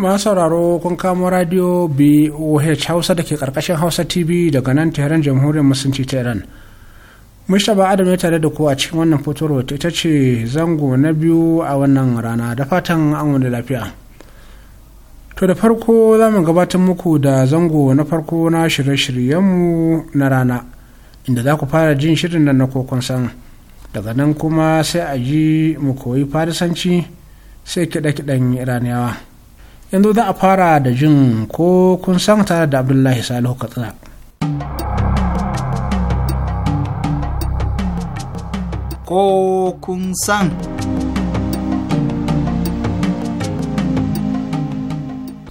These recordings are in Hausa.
masu sauraro kun kamo radio boh hausa da ke karkashin hausa tv daga nan tehran jamhuriyar musulunci ta iran mustapha adam ya tare da ku a cikin wannan fitowar ita ce zango na biyu a wannan rana da fatan an wani lafiya to da farko za mu gabatar muku da zango na farko na shirye-shiryenmu na rana inda za ku fara jin shirin nan na kokon san daga nan kuma sai a ji mu koyi farisanci sai kiɗa-kiɗan iraniyawa yanzu za a fara da jin ko kun san tare da abdullahi salihu katsina ko kun san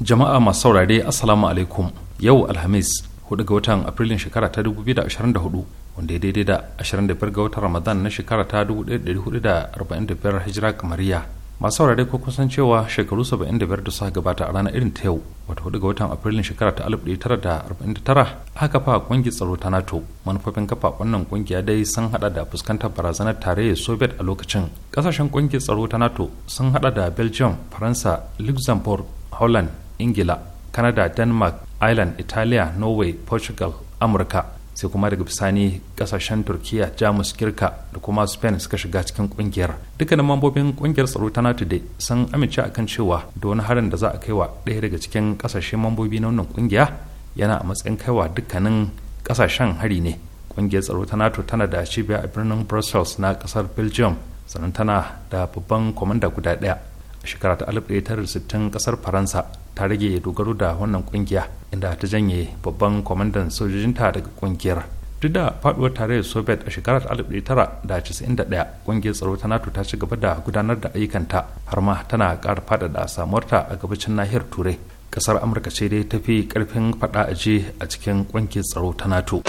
jama'a masu saurare assalamu alaikum yau alhamis 4 ga watan afrilun shekara ta 2024 wanda ya daidai da 25 ga watan ramadan na shekara ta 1445 hijira kamariya masu saurare ko kusan cewa shekaru 75 da suka gabata a ranar irin ta yau wata hudu ga watan afrilun shekara ta 1949 aka fa kungiyar tsaro ta nato manufofin kafa wannan kungiya dai sun hada da fuskantar barazanar tarayyar soviet a lokacin kasashen kungiyar tsaro ta nato sun hada da belgium faransa luxembourg holland ingila canada denmark ireland italia norway portugal amurka sai kuma daga bisani kasashen turkiya jamus kirka da kuma spain suka shiga cikin kungiyar dukkanin mambobin kungiyar tsaro ta nato dai sun amince akan cewa da wani harin da za a kaiwa ɗaya daga cikin kasashen mambobi na wannan kungiya yana a matsayin kaiwa dukkanin kasashen hari ne kungiyar tsaro ta nato tana da cibiya a birnin brussels na kasar belgium sannan tana da babban kwamanda guda ɗaya shekara ta 1960 kasar faransa ta rage dogaro da wannan kungiya inda ta janye babban kwamandan sojojinta daga kungiyar duk da faduwar tarayyar soviet a shekarar 1991 kungiyar tsaro ta nato ta ci gaba da gudanar da ayyukanta har ma tana ƙara faɗaɗa samuwarta a gabacin nahiyar turai kasar amurka ce dai ta fi ƙarfin faɗa aje a cikin kungiyar tsaro ta nato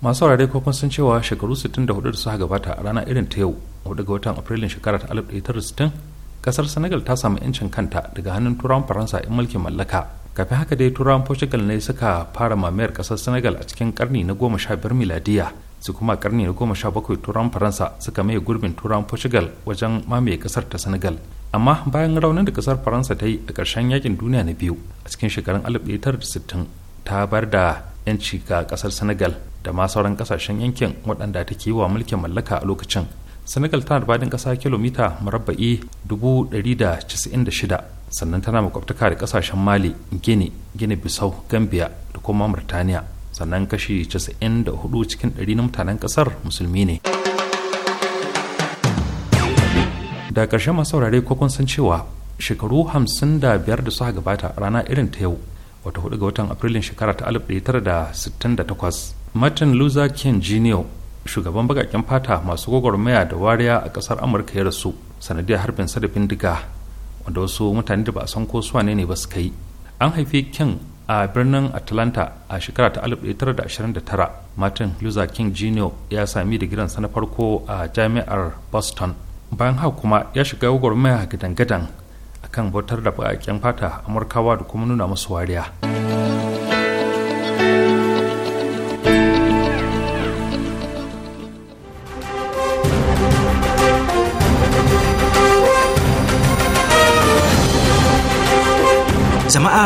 masu saurare ko kun san cewa shekaru 64 da suka gabata a rana irin ta yau hudu ga watan afrilun shekarar 1960 kasar senegal ta samu yancin kanta daga hannun turawan faransa in mulkin mallaka kafin haka dai turawan portugal ne suka fara mamayar kasar senegal a cikin karni na goma sha biyar miladiya su kuma karni na goma sha bakwai turawan faransa suka maye gurbin turawan portugal wajen mamaye kasar ta senegal amma bayan raunin da kasar faransa ta yi a ƙarshen yakin duniya na biyu a cikin shekarun 1960 ta bar da yanci ga kasar senegal da ma sauran kasashen yankin waɗanda take wa mulkin mallaka a lokacin senegal tana da fadin ƙasa kilomita murabba'i shida sannan tana makwabtaka da kasashen mali gini gini bisau gambia da kuma murtaniya sannan kashi 94 cikin 100 na mutanen ƙasar musulmi ne da karshen masu saurare ko kun san cewa shekaru 55 da suka gabata rana irin ta yau wata hudu ga watan afrilun shekara ta 1968 martin luther king jr shugaban bakaken fata masu gwagwarmaya da wariya a kasar amurka ya rasu sanadiyar harbin sa da bindiga wanda wasu mutane da ba a san ko su ne ba suka yi an haifi king a birnin atlanta a shekara ta 1929 martin luther king jr ya sami sa na farko a jami'ar boston bayan haka kuma ya shiga gwagwarmaya gadan-gadan akan bautar da bakaken fata amurkawa da kuma nuna musu wariya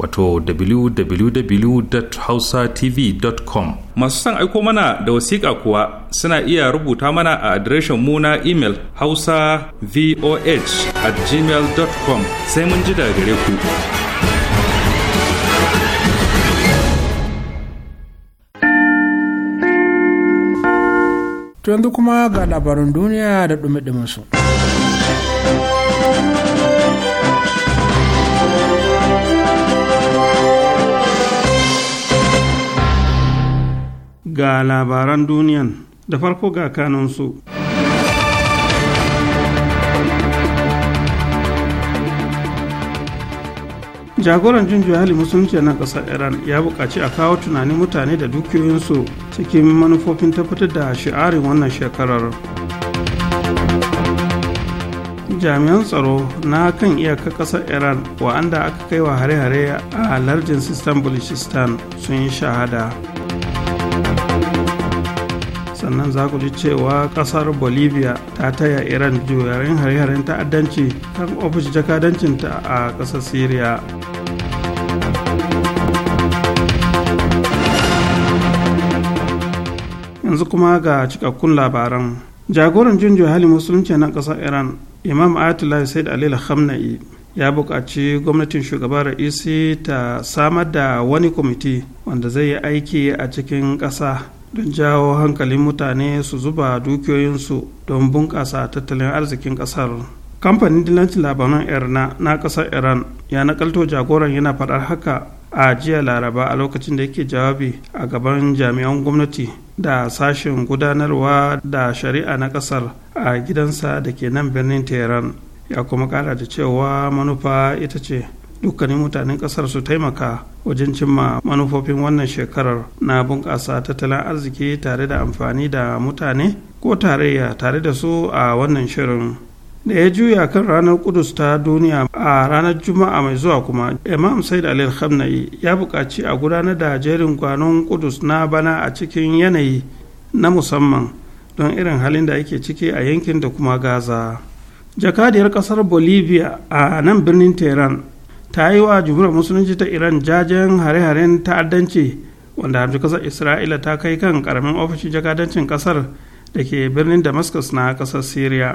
wato www.hausatv.com masu son aiko mana da wasiƙa kuwa suna iya rubuta mana a adireshin mu na imel hausa voh at gmail.com sai mun ji daga gare ku to yanzu kuma ga labarin duniya da ɗumi su. ga labaran duniyan da farko ga kanansu. jagoran junju hali musulunci na ƙasar iran ya buƙaci a kawo tunanin mutane da dukiyoyinsu cikin manufofin tabbatar da shi'arin wannan shekarar jami'an tsaro na kan iyaka ƙasar iran wa'anda aka kai wa hare-hare a lardin Istanbul sun yi shahada sannan za ku ji cewa kasar bolivia ta taya iran juyarin hare-haren ta'addanci kan ofishin jakadancin ta a ƙasar syria yanzu kuma ga cikakkun labaran jagoran junjo hali musulunci na ƙasar iran imam ayatollah said alila khamnai ya buƙaci gwamnatin shugaban ra'isi ta samar da wani kwamiti wanda zai yi aiki a cikin ƙasa don jawo hankalin mutane su zuba dukiyoyinsu don bunƙasa tattalin arzikin ƙasar kamfanin dilanci labaran erna na ƙasar iran ya nakalto jagoran yana faɗar haka a jiya laraba a lokacin da yake jawabi a gaban jami'an gwamnati da sashen gudanarwa da shari'a na ƙasar a gidansa da ke nan birnin tehran ya kuma ƙara da cewa manufa ita ce dukkanin mutanen kasar su taimaka wajen cimma manufofin wannan shekarar na bunƙasa tattalin arziki tare da amfani da mutane ko tarayya tare da su a wannan shirin da ya juya kan ranar kudus ta duniya a ranar juma'a mai zuwa kuma imam said alil khamnai ya buƙaci a gudanar da jerin gwanon kudus na bana a cikin yanayi na musamman don irin halin da ake ciki a yankin da kuma gaza jakadiyar kasar bolivia a nan birnin tehran ta yi wa jumhuriyar musulunci ta iran jajen hare-haren ta'addanci wanda hamshi kasar isra'ila ta kai kan karamin ofishin jakadancin kasar da ke birnin damascus na kasar syria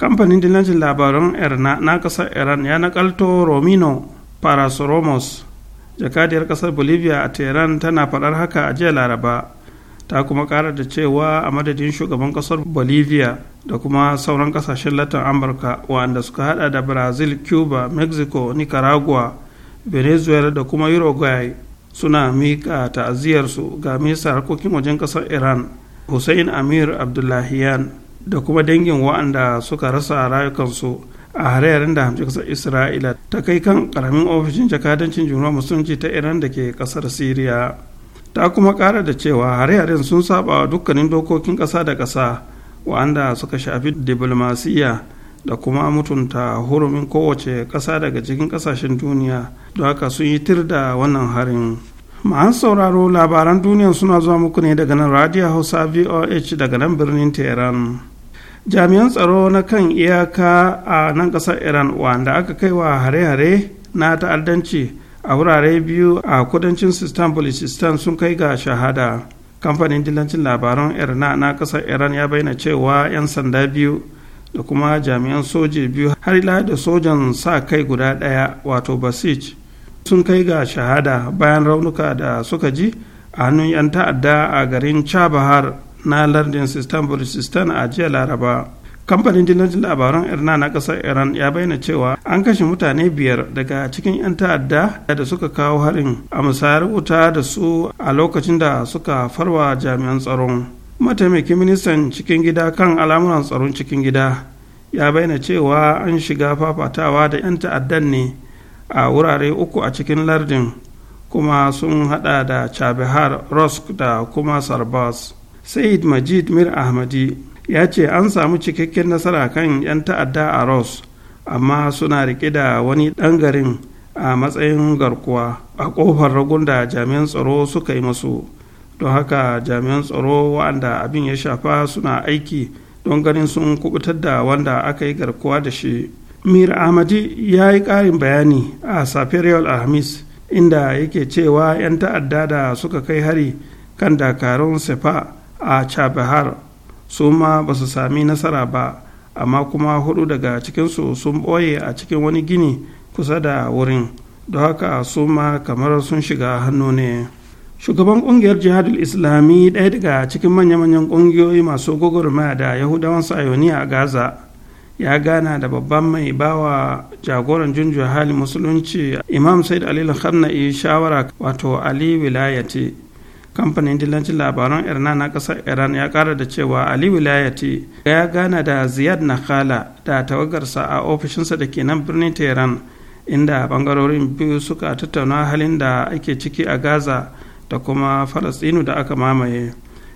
kamfanin dillancin labaran erna na kasar iran ya nakalto romino parasoromos jakadiyar kasar bolivia a tehran tana faɗar haka a jiya laraba ta kuma kara da cewa a madadin shugaban kasar bolivia da kuma sauran kasashen latin amurka wanda suka hada da brazil cuba mexico nicaragua venezuela da kuma uruguay suna miƙa ta'aziyarsu ga misa harkokin wajen kasar iran hussein amir abdullahiyan da kuma dangin wa'anda suka rasa rayukansu a harayarin yaren da hamshi kasar isra'ila ta kai kan karamin ofishin jakadancin juna musulunci ta iran da ke kasar syria ta kuma ƙara da cewa hare-haren sun saba dukkanin dokokin ƙasa da ƙasa wa'anda suka shafi diplomasiya da kuma mutunta hurumin kowace ƙasa daga cikin ƙasashen duniya don haka sun yi tir da wannan harin ma'an sauraro labaran duniya suna zuwa muku ne daga nan radio hausa voh daga nan birnin tehran jami'an tsaro na kan iyaka a nan ƙasar iran wanda aka kai wa hare-hare na ta'addanci a wurare biyu a kudancin sistan balochistan sun kai ga shahada kamfanin dilancin labaran irna na kasar iran ya bayyana cewa 'yan sanda biyu da kuma jami'an soji biyu har ila da sojan sa kai guda ɗaya wato basij sun kai ga shahada bayan raunuka da suka ji a hannun 'yan ta'adda a garin chabahar na lardin sistan balochistan a jiya laraba kamfanin dillancin labaran irna na kasar iran ya bayyana cewa an kashe mutane biyar daga cikin 'yan ta'adda da suka kawo harin a musayar wuta da su a lokacin da suka farwa jami'an tsaron mataimakin ministan cikin gida kan al'amuran tsaron cikin gida ya bayyana cewa an shiga fafatawa da 'yan ta'addan ne a wurare uku a cikin lardin kuma sun hada da chabihar rosk da kuma sarbas said majid mir ahmadi ya ce an samu cikakken nasara kan 'yan ta'adda a Ross amma suna riƙe da wani ɗan garin a matsayin garkuwa a ƙofar ragun da jami'an tsaro suka yi masu. Don haka jami'an tsaro wa'anda abin ya shafa suna aiki don ganin sun kubutar da wanda aka yi garkuwa da shi. Mir Ahmadi ya yi ƙarin bayani a safiyar Alhamis inda yake cewa 'yan ta'adda da suka kai hari kan dakarun sefa a Chabahar su ma ba su sami nasara ba amma kuma hudu daga cikinsu sun ɓoye a cikin wani gini kusa da wurin don haka su ma kamar sun shiga hannu ne shugaban kungiyar jihadul islami ɗaya daga cikin manya-manyan ƙungiyoyi masu gwagwarmaya da yahudawan sayoni a gaza ya gana da babban mai bawa jagoran junjiyar hali musulunci imam said ali khamna'i shawara wato ali wilayati kamfanin dillancin labaran irna na kasar iran ya kara da cewa ali wilayati ya gana da ziyad nakhala da tawagarsa a ofishinsa da ke nan birnin tehran inda bangarorin biyu suka tattauna halin da ake ciki a gaza da kuma falastinu da aka mamaye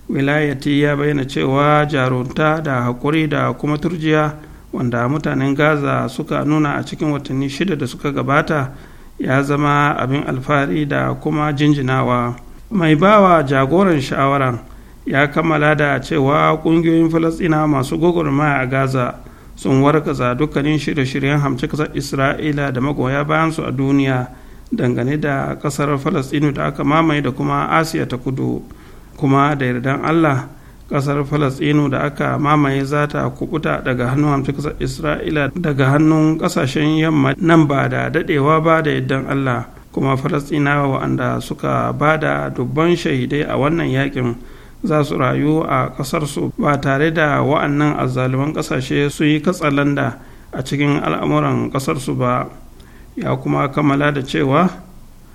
wilayati ya bayyana cewa jarunta da haƙuri da kuma turjiya wanda mutanen gaza suka nuna a cikin watanni shida da suka gabata ya zama abin alfahari da kuma jinjinawa. mai bawa jagoran sha'awaran ya kammala da cewa kungiyoyin falasɗina masu gwagwarmaya a gaza sun warkaza dukkanin shirye-shiryen hamci kasar isra'ila da magoya bayansu a duniya dangane da ƙasar falasɗinu da aka mamaye da kuma asiya ta kudu kuma da yardan allah kasar falasɗinu da aka mamaye za ta kubuta daga hannun kasar isra'ila daga hannun kasashen yamma nan ba da dadewa ba da yardan allah kuma falastinawa wa'anda suka ba da dubban shahidai a wannan yakin za su rayu a ƙasarsu ba tare da wa'annan azzaluman ƙasashe su yi katsalanda a cikin al'amuran ƙasarsu ba ya kuma kammala da cewa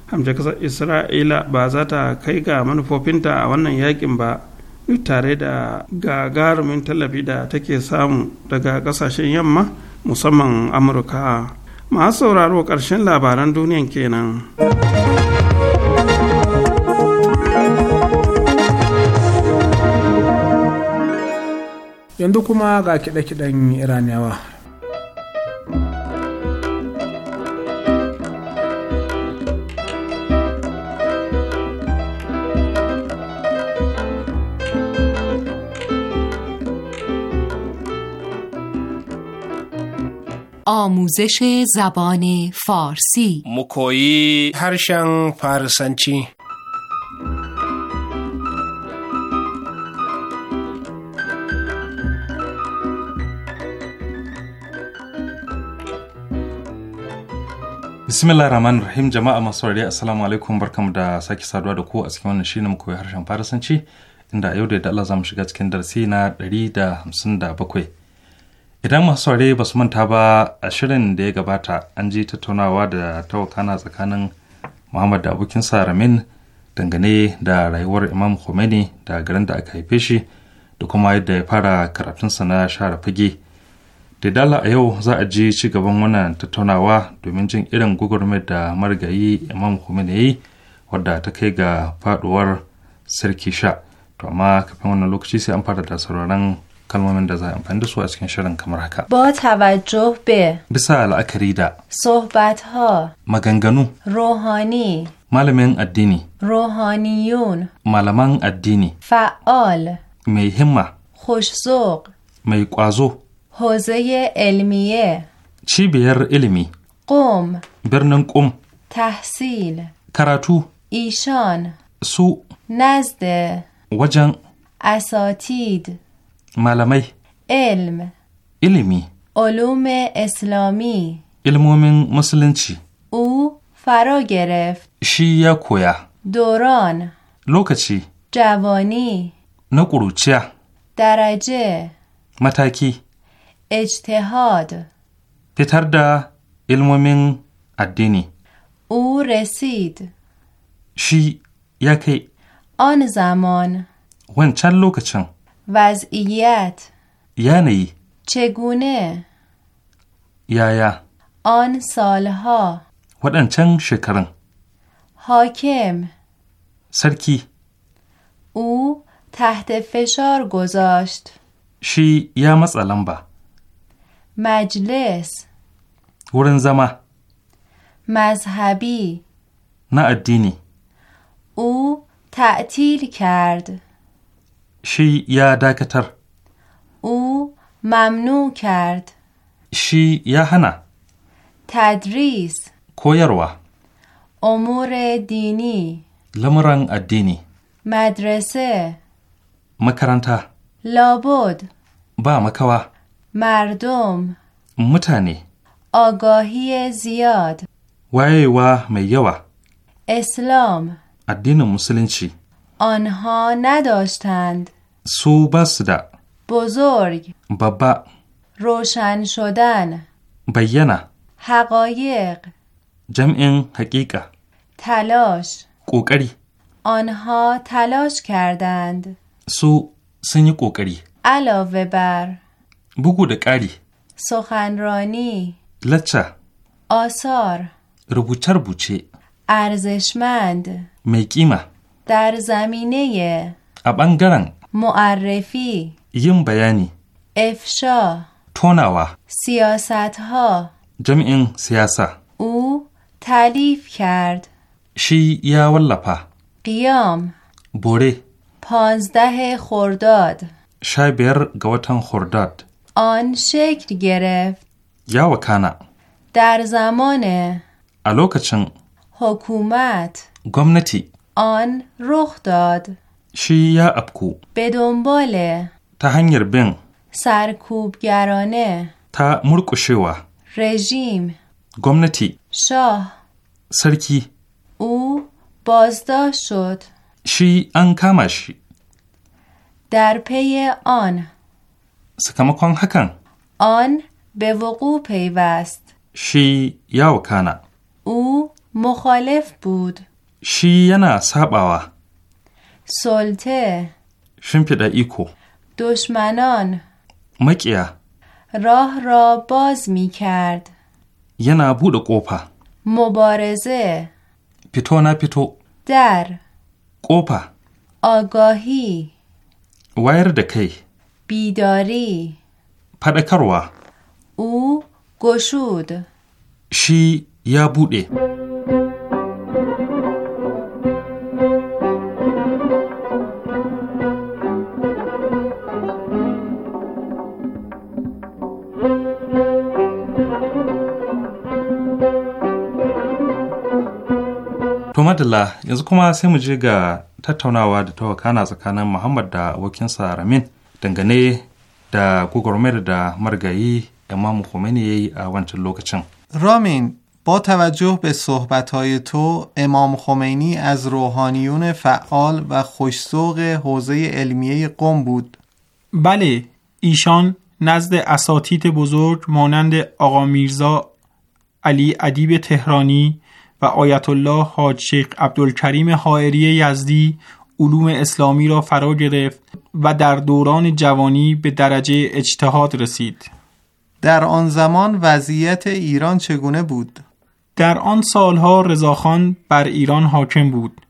Hamza ƙasar isra'ila ba za ta kai ga manufofinta a wannan yakin ba duk tare da gagarumin tallafi da take samu daga ƙasashen yamma musamman amurka masu sauraro ƙarshen labaran duniyan kenan. yanzu kuma ga kiɗe-kiɗen iraniyawa آموزش زبان فارسی مکویی هرشن فارسنچی bismillah rahman rahim jama'a masu saurari assalamu alaikum barkam da sake saduwa da ku a cikin wannan shirin koyi harshen farasanci inda a yau da Allah za mu shiga cikin darasi na 157 Idan masu saurare ba su manta ba a shirin da ya gabata an ji tattaunawa da tawakana tsakanin Muhammad da abokinsa Ramin dangane da rayuwar Imam Khomeini da garin da aka haife shi da kuma yadda ya fara karatunsa na share fage. Da dala a yau za a ji ci gaban wannan tattaunawa domin jin irin gugurmar da margayi Imam Khomeini ya yi wadda ta kai ga faduwar sarki sha. To amma kafin wannan lokaci sai an fara da sauraron kalmomin da za a amfani da su a cikin shirin kamar haka. Ba توجه bisa la'akari da صحبت ها maganganu Rohani. malamin addini ruhaniyun. malaman addini fa'ol mai himma خوشزوق mai kwazo Hozeye ilmiye. cibiyar ilimi قم birnin قم Tahsil. karatu Ishon. su Nazde. wajen Asotid. malamai ilm ilimi ulume islami ilmomin musulunci u faro gereft shi ya koya doron lokaci javani na kuruciya daraje mataki ijtihad fitar da ilmomin addini u resid shi ya kai on zaman wancan lokacin وضعیت یعنی چگونه یا آن سالها چنگ شکرن حاکم سرکی او تحت فشار گذاشت شی یا مثلا با مجلس ورن زما مذهبی نه ادینی او تعطیل کرد شی یا دکتر او ممنوع کرد شی یا هنا تدریس کویروا امور دینی لمران الدینی مدرسه مکرانتا لابد با مکوا مردم متنی آگاهی زیاد وای و میوا اسلام الدین مسلمچی آنها نداشتند سو بزرگ بابا روشن شدن بیانه حقایق جمع حقیقه تلاش کوکری آنها تلاش کردند سو سنی کوکری علاوه بر بگو دکاری سخنرانی لچه آثار روبوچه بوچه ارزشمند میکیمه در زمینه a معرفی یم بیانی افشا تونوا سیاست ها جمعین سیاسا او تعلیف کرد شی یا ولپا قیام بوره پانزده خورداد شایبر گوتن خورداد آن شکل گرفت یا وکانا در زمان الوکچن حکومت گمنتی آن رخ داد شی یا ابکو به دنبال تهنگر بن سرکوبگرانه تا شوا رژیم گمنتی شاه سرکی او بازداشت شد شی انکامش در پی آن سکمکان حکن آن به وقوع پیوست شی یا وکانا او مخالف بود شی ینا ساباوا سلطه شمپیده ایکو دشمنان مکیا راه را باز می کرد ینا بود مبارزه پیتو نه پیتو در قوپا آگاهی ویر دکی بیداری پدکروا او گشود شی یا بوده madalla yanzu kuma sai mu je ga tattaunawa da ta wakana tsakanin muhammad da abokinsa ramin dangane da gwagwarmayar امام خمینی ای اونچن لوکچن رامین با توجه به صحبتهای تو امام خمینی از روحانیون فعال و خوشسوق حوزه علمیه قم بود بله ایشان نزد اساتید بزرگ مانند آقا میرزا علی ادیب تهرانی و آیت الله حاج شیخ عبدالکریم حائری یزدی علوم اسلامی را فرا گرفت و در دوران جوانی به درجه اجتهاد رسید. در آن زمان وضعیت ایران چگونه بود؟ در آن سالها رضاخان بر ایران حاکم بود.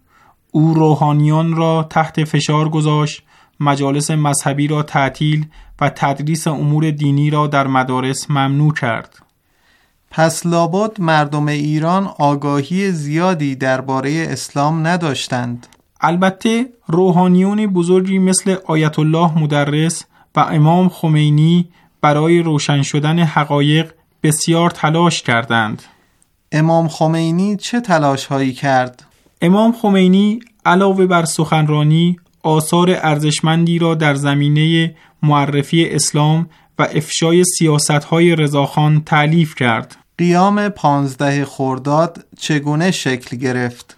او روحانیان را تحت فشار گذاشت، مجالس مذهبی را تعطیل و تدریس امور دینی را در مدارس ممنوع کرد. پس لابد مردم ایران آگاهی زیادی درباره اسلام نداشتند البته روحانیون بزرگی مثل آیت الله مدرس و امام خمینی برای روشن شدن حقایق بسیار تلاش کردند امام خمینی چه تلاش هایی کرد؟ امام خمینی علاوه بر سخنرانی آثار ارزشمندی را در زمینه معرفی اسلام و افشای سیاست های رضاخان تعلیف کرد قیام پانزده خورداد چگونه شکل گرفت؟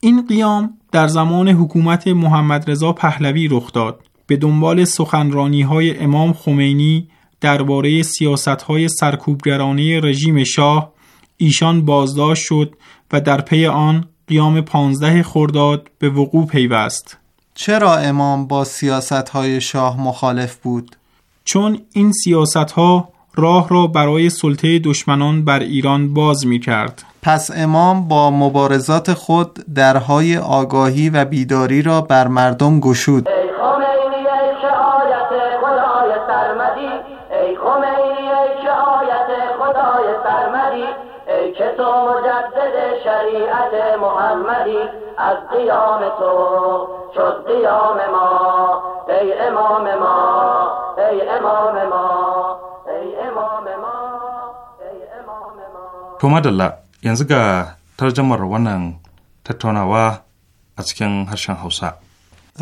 این قیام در زمان حکومت محمد رضا پهلوی رخ داد به دنبال سخنرانی های امام خمینی درباره سیاست های سرکوبگرانه رژیم شاه ایشان بازداشت شد و در پی آن قیام پانزده خورداد به وقوع پیوست چرا امام با سیاست های شاه مخالف بود؟ چون این سیاست ها راه را برای سلطه دشمنان بر ایران باز می کرد. پس امام با مبارزات خود درهای آگاهی و بیداری را بر مردم گشود. شریعت محمدی از قیام تو شد قیام ما ای امام ما ای امام ما To madalla yanzu ga tarjamar wannan tattaunawa a cikin harshen Hausa.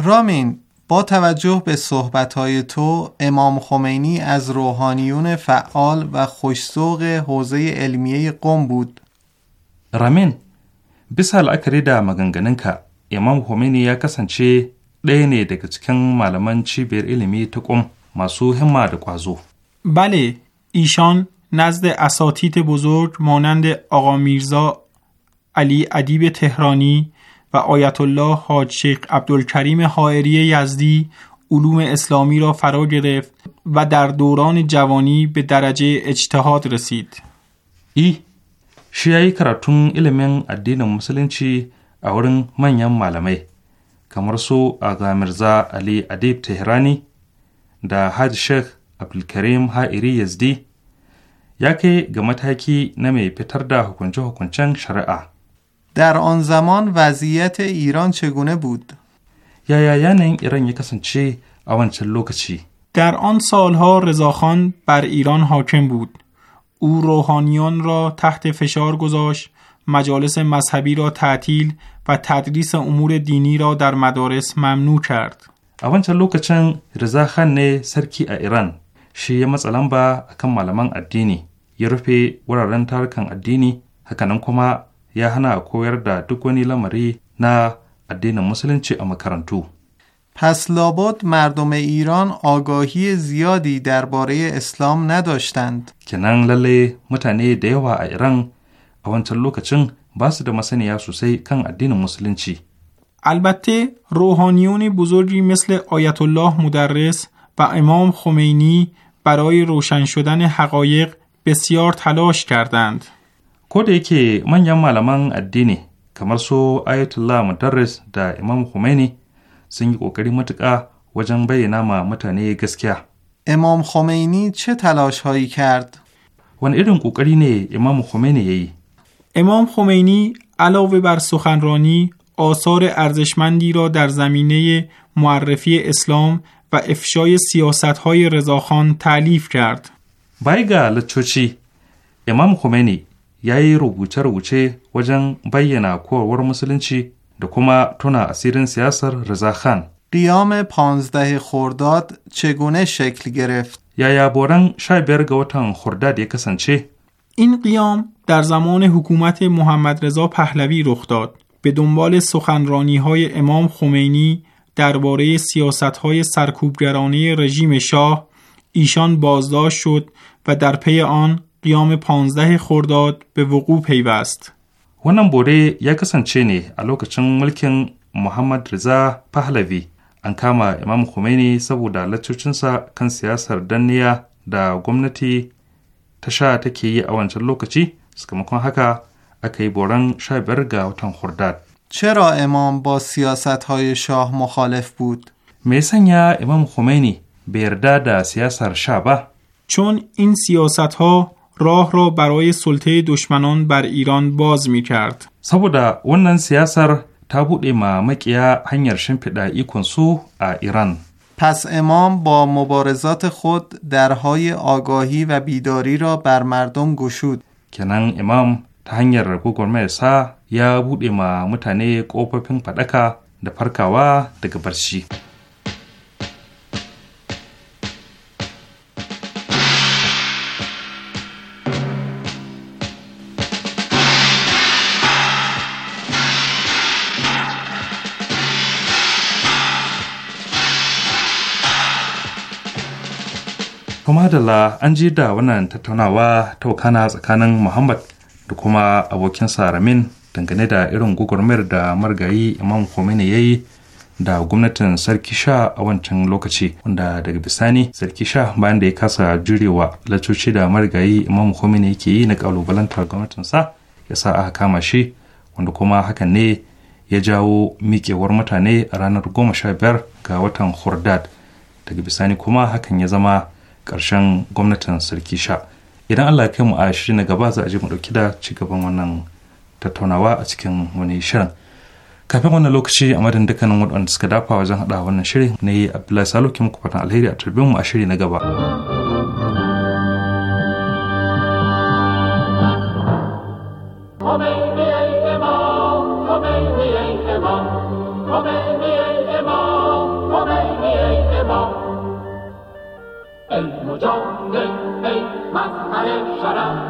رامین با توجه به صحبتهای تو امام خمینی از روحانیون فعال و خوشسوق حوزه علمیه قم بود رامین bisa la'akari da maganganunka imam Khomeini ya kasance ɗaya ne daga cikin malaman cibiyar ilimi ta ƙum masu himma da ƙwazo بله ایشان نزد اساتید بزرگ مانند آقا میرزا علی ادیب تهرانی و آیت الله حاج شیخ عبدالکریم حائری یزدی علوم اسلامی را فرا گرفت و در دوران جوانی به درجه اجتهاد رسید. ای shi کراتون علمین ادین ilimin اورن musulunci a کمرسو آقا میرزا علی ادیب تهرانی، دا حاج شیخ abdulkarim ha'iri yazdi ya kai ga mataki na mai fitar در آن زمان وضعیت ایران چگونه بود؟ یا یا یعنی ایران یک چی اوان چی؟ در آن سالها رضاخان بر ایران حاکم بود او روحانیان را تحت فشار گذاشت مجالس مذهبی را تعطیل و تدریس امور دینی را در مدارس ممنوع کرد. اون لوکچن رضا نه سرکی ایران shi ya matsa lamba a kan malaman addini ya rufe wuraren tarukan addini hakanan kuma ya hana koyar da duk wani lamari na addinin musulunci a makarantu. پس لابد مردم ایران آگاهی زیادی درباره اسلام نداشتند. کنان لله متنی دیوا ایران تلو کچن باس ده مسنیا سوسی کن ادین چی. البته روحانیون بزرگی مثل آیت الله مدرس و امام خمینی برای روشن شدن حقایق بسیار تلاش کردند. کده که من یم علمان الدینی کمر سو آیت الله مدرس دا امام خمینی سنگی کوکری متقه و جنبه نام متنه گسکیا امام خمینی چه تلاش هایی کرد؟ وان ایرون کوکری نه امام خمینی یی امام خمینی علاوه بر سخنرانی آثار ارزشمندی را در زمینه معرفی اسلام و افشای سیاست های رضاخان تعلیف کرد بایگال چچی امام خمینی یای رو گوچه و جنگ ناکور ور چی دکوما تونا اسیرین سیاسر رضاخان قیام پانزده خورداد چگونه شکل گرفت؟ یا یا شاید شای برگوتان خورداد یکسن این قیام در زمان حکومت محمد رضا پهلوی رخ داد به دنبال سخنرانی های امام خمینی درباره سیاست های سرکوبگرانه رژیم شاه ایشان بازداشت شد و در پی آن قیام 15 خورداد به وقوع پیوست. ونم بوره یک سنچینی علاوه چن ملکن محمد رضا پهلوی انکام امام خمینی سبو دالت کن سیاس هر دنیا دا گمناتی تشا تکیی اوانچن لوکچی سکمکون حکا اکی بوران شای برگا و خرداد چرا امام با سیاست های شاه مخالف بود؟ یا امام خمینی برده در سیاست شبه چون این سیاست ها راه را برای سلطه دشمنان بر ایران باز می کرد. در ونن سیاست تا بود امام مکیا هنگر در ایران. پس امام با مبارزات خود درهای آگاهی و بیداری را بر مردم گشود. کنن امام تا هنگر گوگرمه ya buɗe ma mutane ƙofofin faɗaka da farkawa daga barci. kuma dala an ji da wannan tattaunawa ta wakana tsakanin muhammad da kuma abokinsa ramin dangane da irin gwagwarmayar da margayi imam khomeini ya yi da gwamnatin sarki sha a wancan lokaci wanda daga bisani sarki sha bayan da ya kasa jurewa lacoci da marigayi imam khomeini yake yi na kalubalantar gwamnatinsa ya sa aka kama shi wanda kuma hakan ne ya jawo miƙewar mutane a ranar goma sha biyar ga watan hordad daga bisani kuma hakan ya zama ƙarshen gwamnatin sarki sha idan allah ya kai mu a shiri na gaba za a je mu ɗauki da cigaban wannan tattaunawa a cikin wani shirin kafin wannan lokaci a madadin dukkanin waɗanda suka dafa wajen haɗa wannan shirin na yi abdullahi salo ke muku fatan alheri a turbin mu a shiri na gaba المجند أي مظهر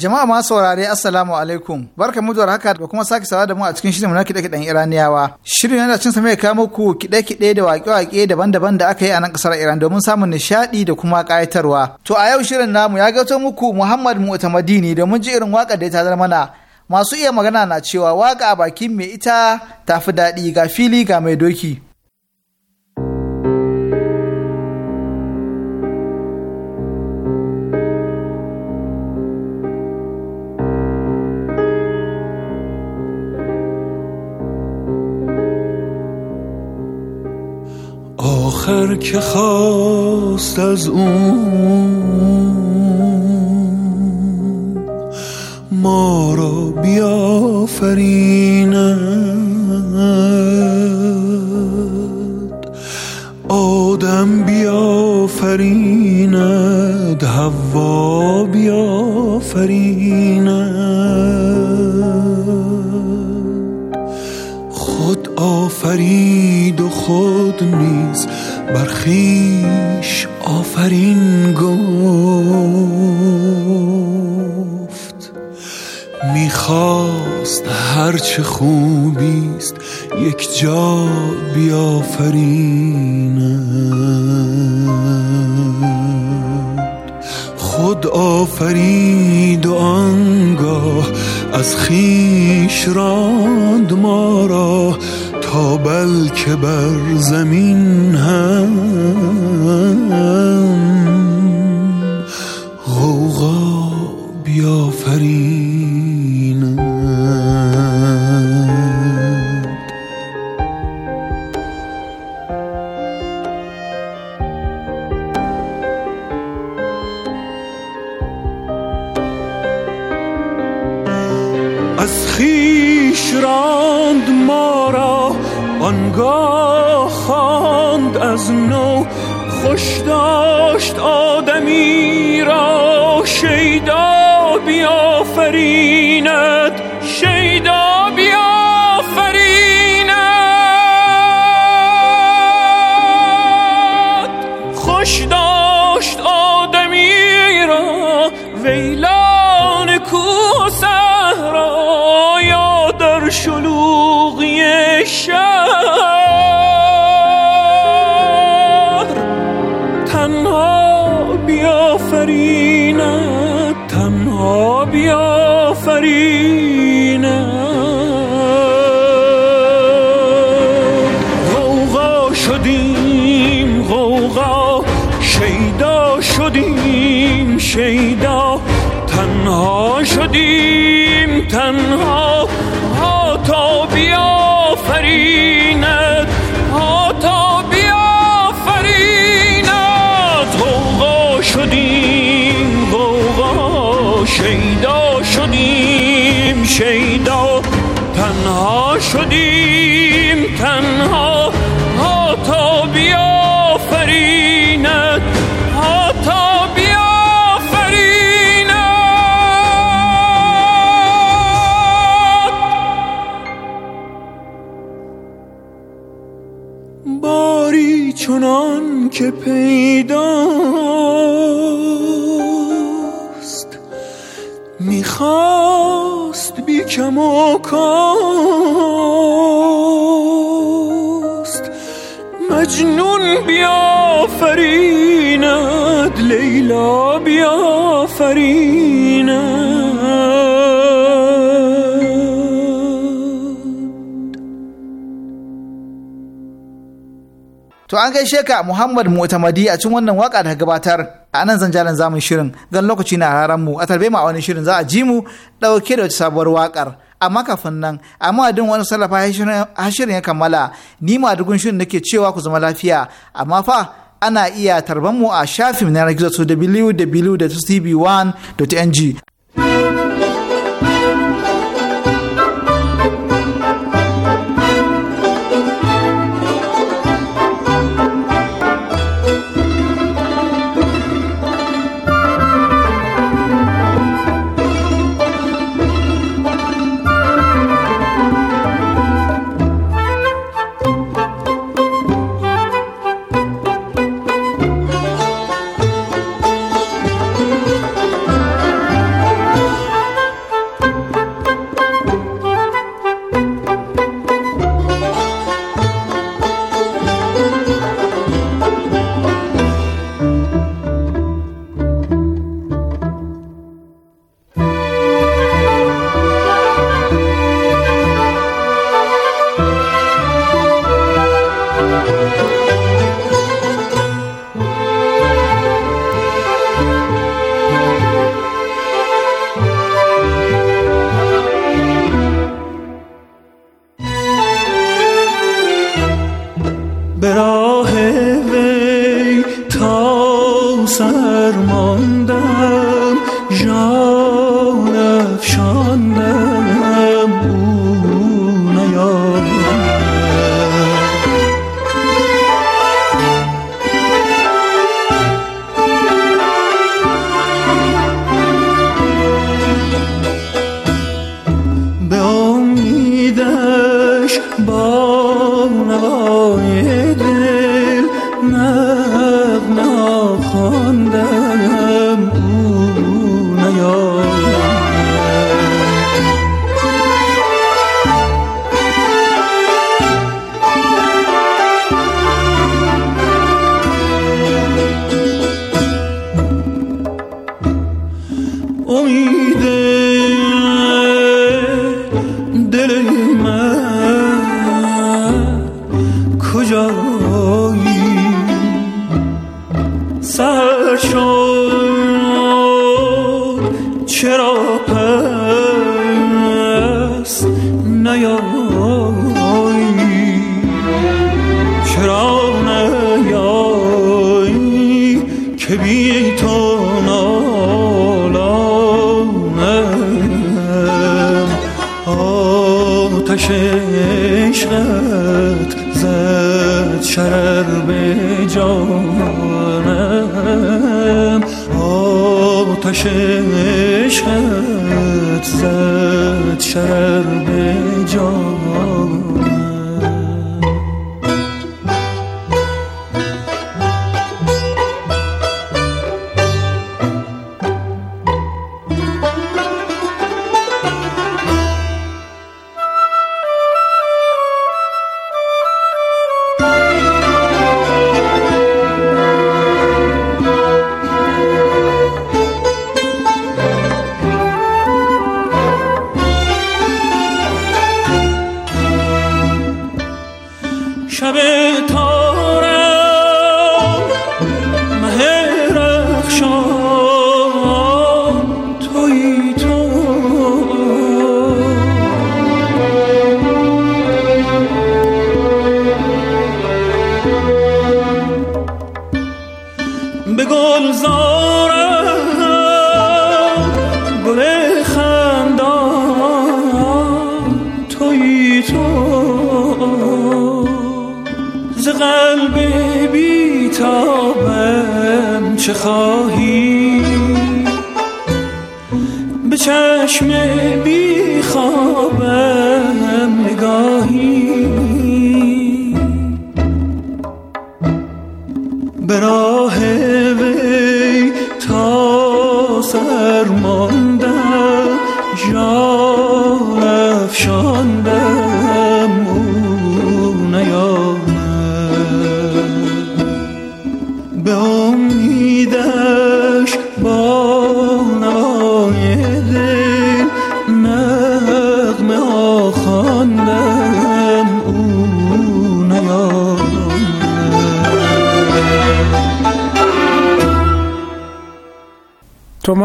Jama'a ma saurare Assalamu alaikum. Barka mu da haka da kuma sake sawa da mu a cikin shirin na kiɗe-kiɗen Iraniyawa. Shirin yana cin sa mai kawo muku kiɗe-kiɗe da waƙe-waƙe daban-daban da aka yi a nan ƙasar Iran domin samun nishaɗi da kuma ƙayatarwa. To a yau shirin namu ya gato muku Muhammad Mu'tamadini da domin ji irin waƙar da ya tazar mana. Masu iya magana na cewa waƙa a bakin mai ita tafi daɗi ga fili ga mai doki. آخر که خواست از اون ما را بیافریند آدم بیافریند هوا بیافریند خود آفرید و خود نیست برخیش آفرین گفت میخواست هرچه خوبیست یک جا بیافریند خود آفرید و آنگاه از خیش راند ما را تا بلکه بر زمین هم To an gaishe ka Muhammad Mutamadi a cikin wannan waka da gabatar. A nan zan jalan zamun shirin gan lokaci na raran mu a tarbe mu a wani shirin za a ji mu dauke da wata sabuwar wakar. Amma kafin nan, a ma'adin wani sarrafa shirin ya kammala, ni ma dugun shirin nake cewa ku zama lafiya, amma fa ana iya tarban mu a shafin na gizo www.tv1.ng. که بی تو نالانم آتش عشقت زد شرر به جانم آتش عشقت زد شرر به جانم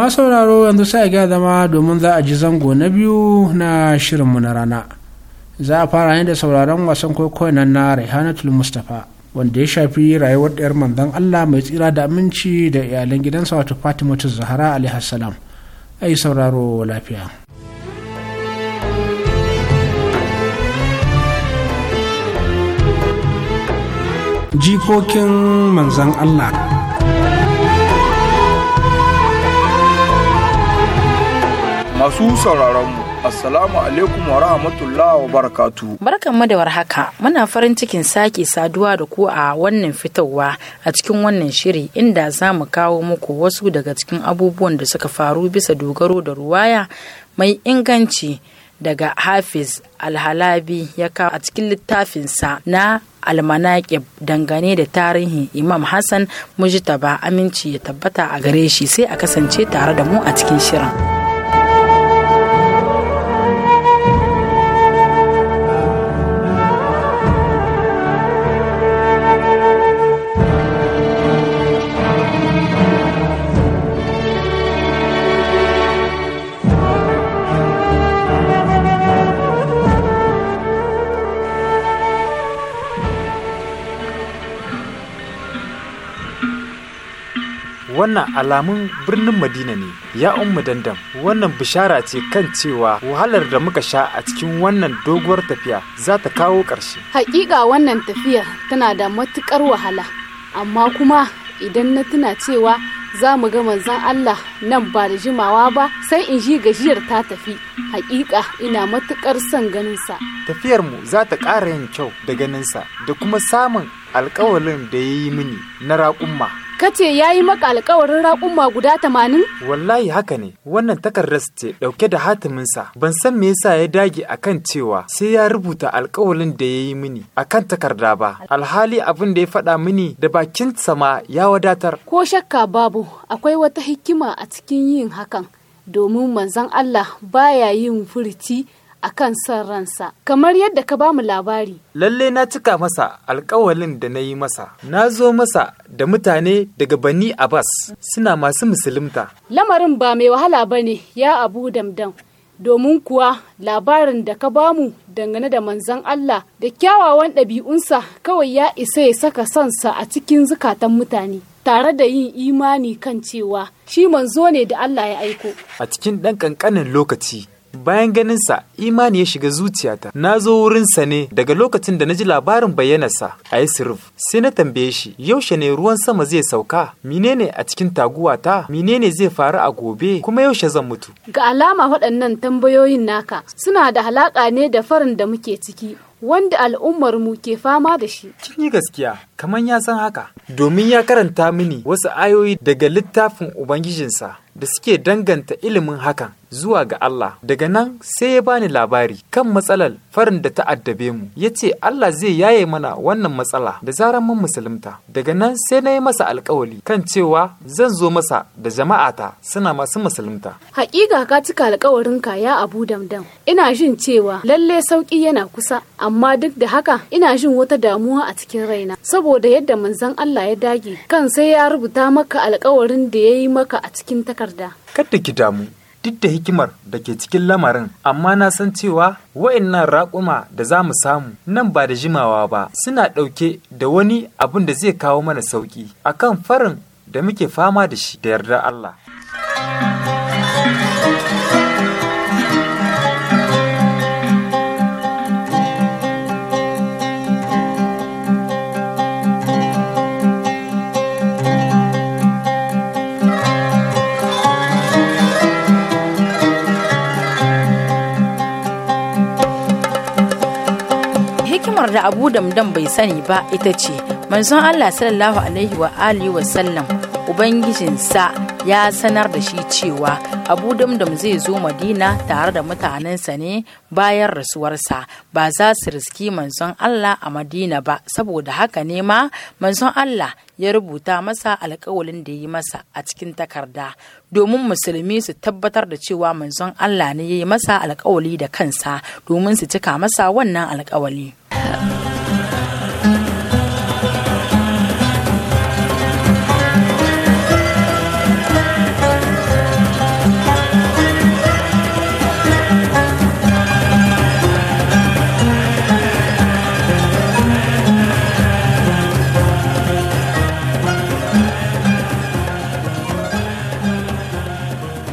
sauraro yanzu sai ga zama domin za a ji zango na biyu na shirinmu na rana za a fara ne da sauraron wasan kwaikwayon na rehanatul mustapha wanda ya shafi rayuwar ɗayar manzon allah mai tsira da aminci da iyalan gidansa wato fatimatu zahara alaihi salam ai sauraro lafiya jikokin manzan Allah. masu mu. Assalamu alaikum wa rahmatullahi wa barakatu. barkan da warhaka, muna farin cikin sake saduwa da ku a wannan fitowa a cikin wannan shiri inda za mu kawo muku wasu daga cikin abubuwan da suka faru bisa dogaro da ruwaya mai inganci daga Hafiz Alhalabi ya kawo a cikin littafinsa na almanaƙib dangane da tarihin Imam Hassan Mujtaba aminci ya tabbata a gare shi sai a kasance tare da mu a cikin shirin. wannan alamun birnin madina ne ya ummu dandam wannan bishara ce kan cewa wahalar da muka sha a cikin wannan doguwar tafiya za ta kawo ƙarshe hakika wannan tafiya tana da matukar wahala amma kuma idan na tuna cewa za mu ga manzan Allah nan ba da jimawa ba sai in ji gajiyar ta tafi Haƙiƙa ina matukar son ganinsa tafiyar mu za ta ƙara yin kyau da ganinsa da kuma samun alkawarin da ya yi mini na raƙumma kace ya yi maka alkawarin raƙumma guda tamanin? Wallahi haka ne, wannan takardar ce ɗauke da hatiminsa, ban san me yasa ya dage akan cewa sai ya rubuta alkawarin da ya yi mini akan takarda ba, alhali abin da ya faɗa mini da bakin sama ya wadatar. Ko shakka babu, akwai wata hikima a cikin yin hakan domin manzan Allah baya yin furci a kan son ransa kamar yadda ka bamu labari lalle na cika masa alkawalin da na yi masa na zo masa da mutane daga bani abbas suna masu musulunta lamarin ba mai wahala ba ne ya abu damdam domin kuwa labarin da ka bamu dangane da manzan Allah da kyawawan ɗabi'unsa kawai ya isa ya saka sansa a cikin zukatan mutane. tare da yin imani kan cewa shi manzo ne da Allah ya aiko. A cikin ɗan ƙanƙanin lokaci bayan ganinsa imani ya shiga zuciyata na zo wurinsa ne daga lokacin da na ji labarin bayyanarsa a yisruf sai na tambaye shi yaushe ne ruwan sama zai sauka menene a cikin taguwata menene zai faru a gobe kuma yaushe zan mutu ga alama waɗannan tambayoyin naka suna da halaƙa ne da farin da muke ciki wanda al'ummarmu ke fama da shi. Kin yi gaskiya, kamar ya san haka, domin ya karanta mini wasu ayoyi daga littafin Ubangijinsa da suke danganta ilimin hakan. zuwa ga Allah daga nan sai ya bani labari kan matsalar farin da ta addabe mu ya ce Allah zai yaye mana wannan matsala da zarar mun musulunta daga nan sai na yi masa alkawali kan cewa zan zo masa da jama'ata suna masu musulunta hakika ka cika alkawarinka ya abu damdam ina jin cewa lalle sauƙi yana kusa amma duk da haka ina jin wata damuwa a cikin raina saboda yadda manzon Allah ya dage kan sai ya rubuta maka alkawarin da ya yi maka a cikin takarda kada ki damu duk da hikimar da ke cikin lamarin amma na san cewa wa'annan raƙuma da za mu samu nan ba da jimawa ba suna ɗauke da wani abin da zai kawo mana sauƙi akan farin da muke fama da shi da yardar Allah. hikimar da abu damdam bai sani ba ita ce manzon allah sallallahu alaihi wa alihi wa sallam ubangijinsa ya sanar da shi cewa abu damdam zai zo madina tare da mutanensa ne bayan rasuwarsa ba za su riski manzon allah a madina ba saboda haka ne ma manzon allah ya rubuta masa alkawalin da yi masa a cikin takarda domin musulmi su tabbatar da cewa manzon allah ne ya yi masa alkawali da kansa domin su cika masa wannan alkawali.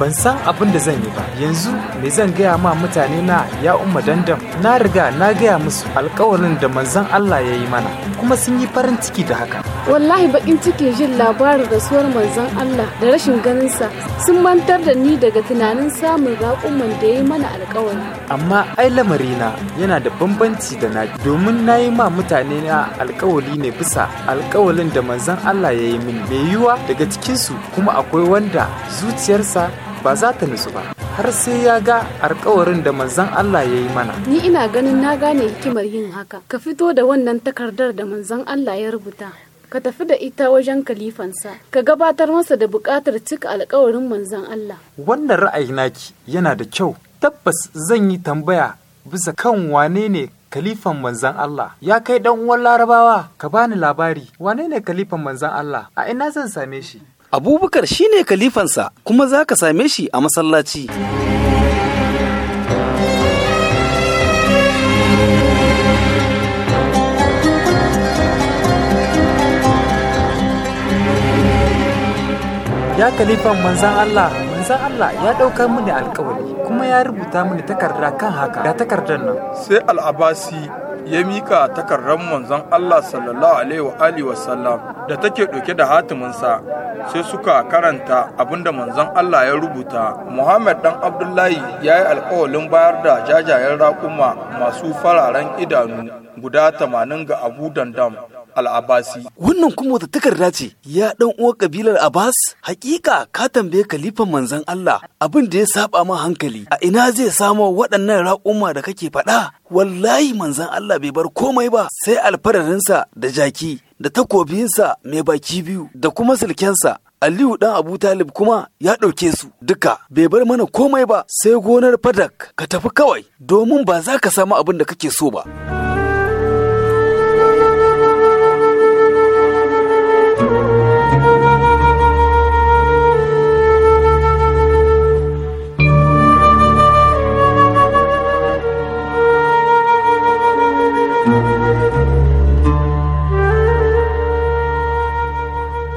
ban san abin da zan yi ba yanzu me zan gaya ma mutane na ya umma dandam na riga na gaya musu alkawarin da manzon Allah ya yi mana kuma sun yi farin ciki da haka wallahi bakin ciki jin labarin rasuwar manzon Allah da rashin ganin sa sun mantar da ni daga tunanin samun raƙuman da ya yi mana alkawari amma ai lamari na yana da bambanci da na domin na yi ma mutane na alkawari ne bisa alkawarin da manzon Allah ya yi min. mai yiwuwa daga cikinsu kuma akwai wanda zuciyarsa ba za ta nutsu ba har sai ya ga alkawarin da manzon Allah ya yi mana. Ni ina ganin na gane hikimar yin haka. Ka fito da wannan takardar da manzon Allah ya rubuta. Ka tafi da ita wajen kalifansa, ka gabatar masa da buƙatar cika alkawarin manzon Allah. Wannan ra'ayi naki yana da kyau. Tabbas zan yi tambaya bisa kan wane ne kalifan manzan Allah ya kai ɗan uwan larabawa ka bani labari wane ne kalifan manzan Allah a ina zan same shi abubakar shine kalifansa kuma za ka same shi a masallaci ya kalifan manzan Allah manzan Allah ya ɗaukar mini alkawari kuma ya rubuta mini takarda kan haka da takardar nan sai al'abasi ya mika takardar manzon Allah sallallahu alaihi wa alihi wasallam da take ɗauke da hatiminsa sai suka karanta abinda manzon Allah ya rubuta Muhammad dan Abdullahi ya yi alkawalin bayar da jajayen raƙuma masu fararen idanu guda 80 ga Abu Dandam al'abasi. Wannan kuma wata takarda ce ya ɗan uwa kabilar Abbas hakika ka tambaye kalifan manzan Allah abin da ya saba ma hankali a ina zai samo waɗannan raƙuma da kake faɗa wallahi manzan Allah bai bar komai ba sai alfararinsa da jaki da takobinsa mai baki biyu da kuma silkensa Aliyu ɗan Abu Talib kuma ya ɗauke su duka bai bar mana komai ba sai gonar fadak ka tafi kawai domin ba za ka samu abin da kake so ba.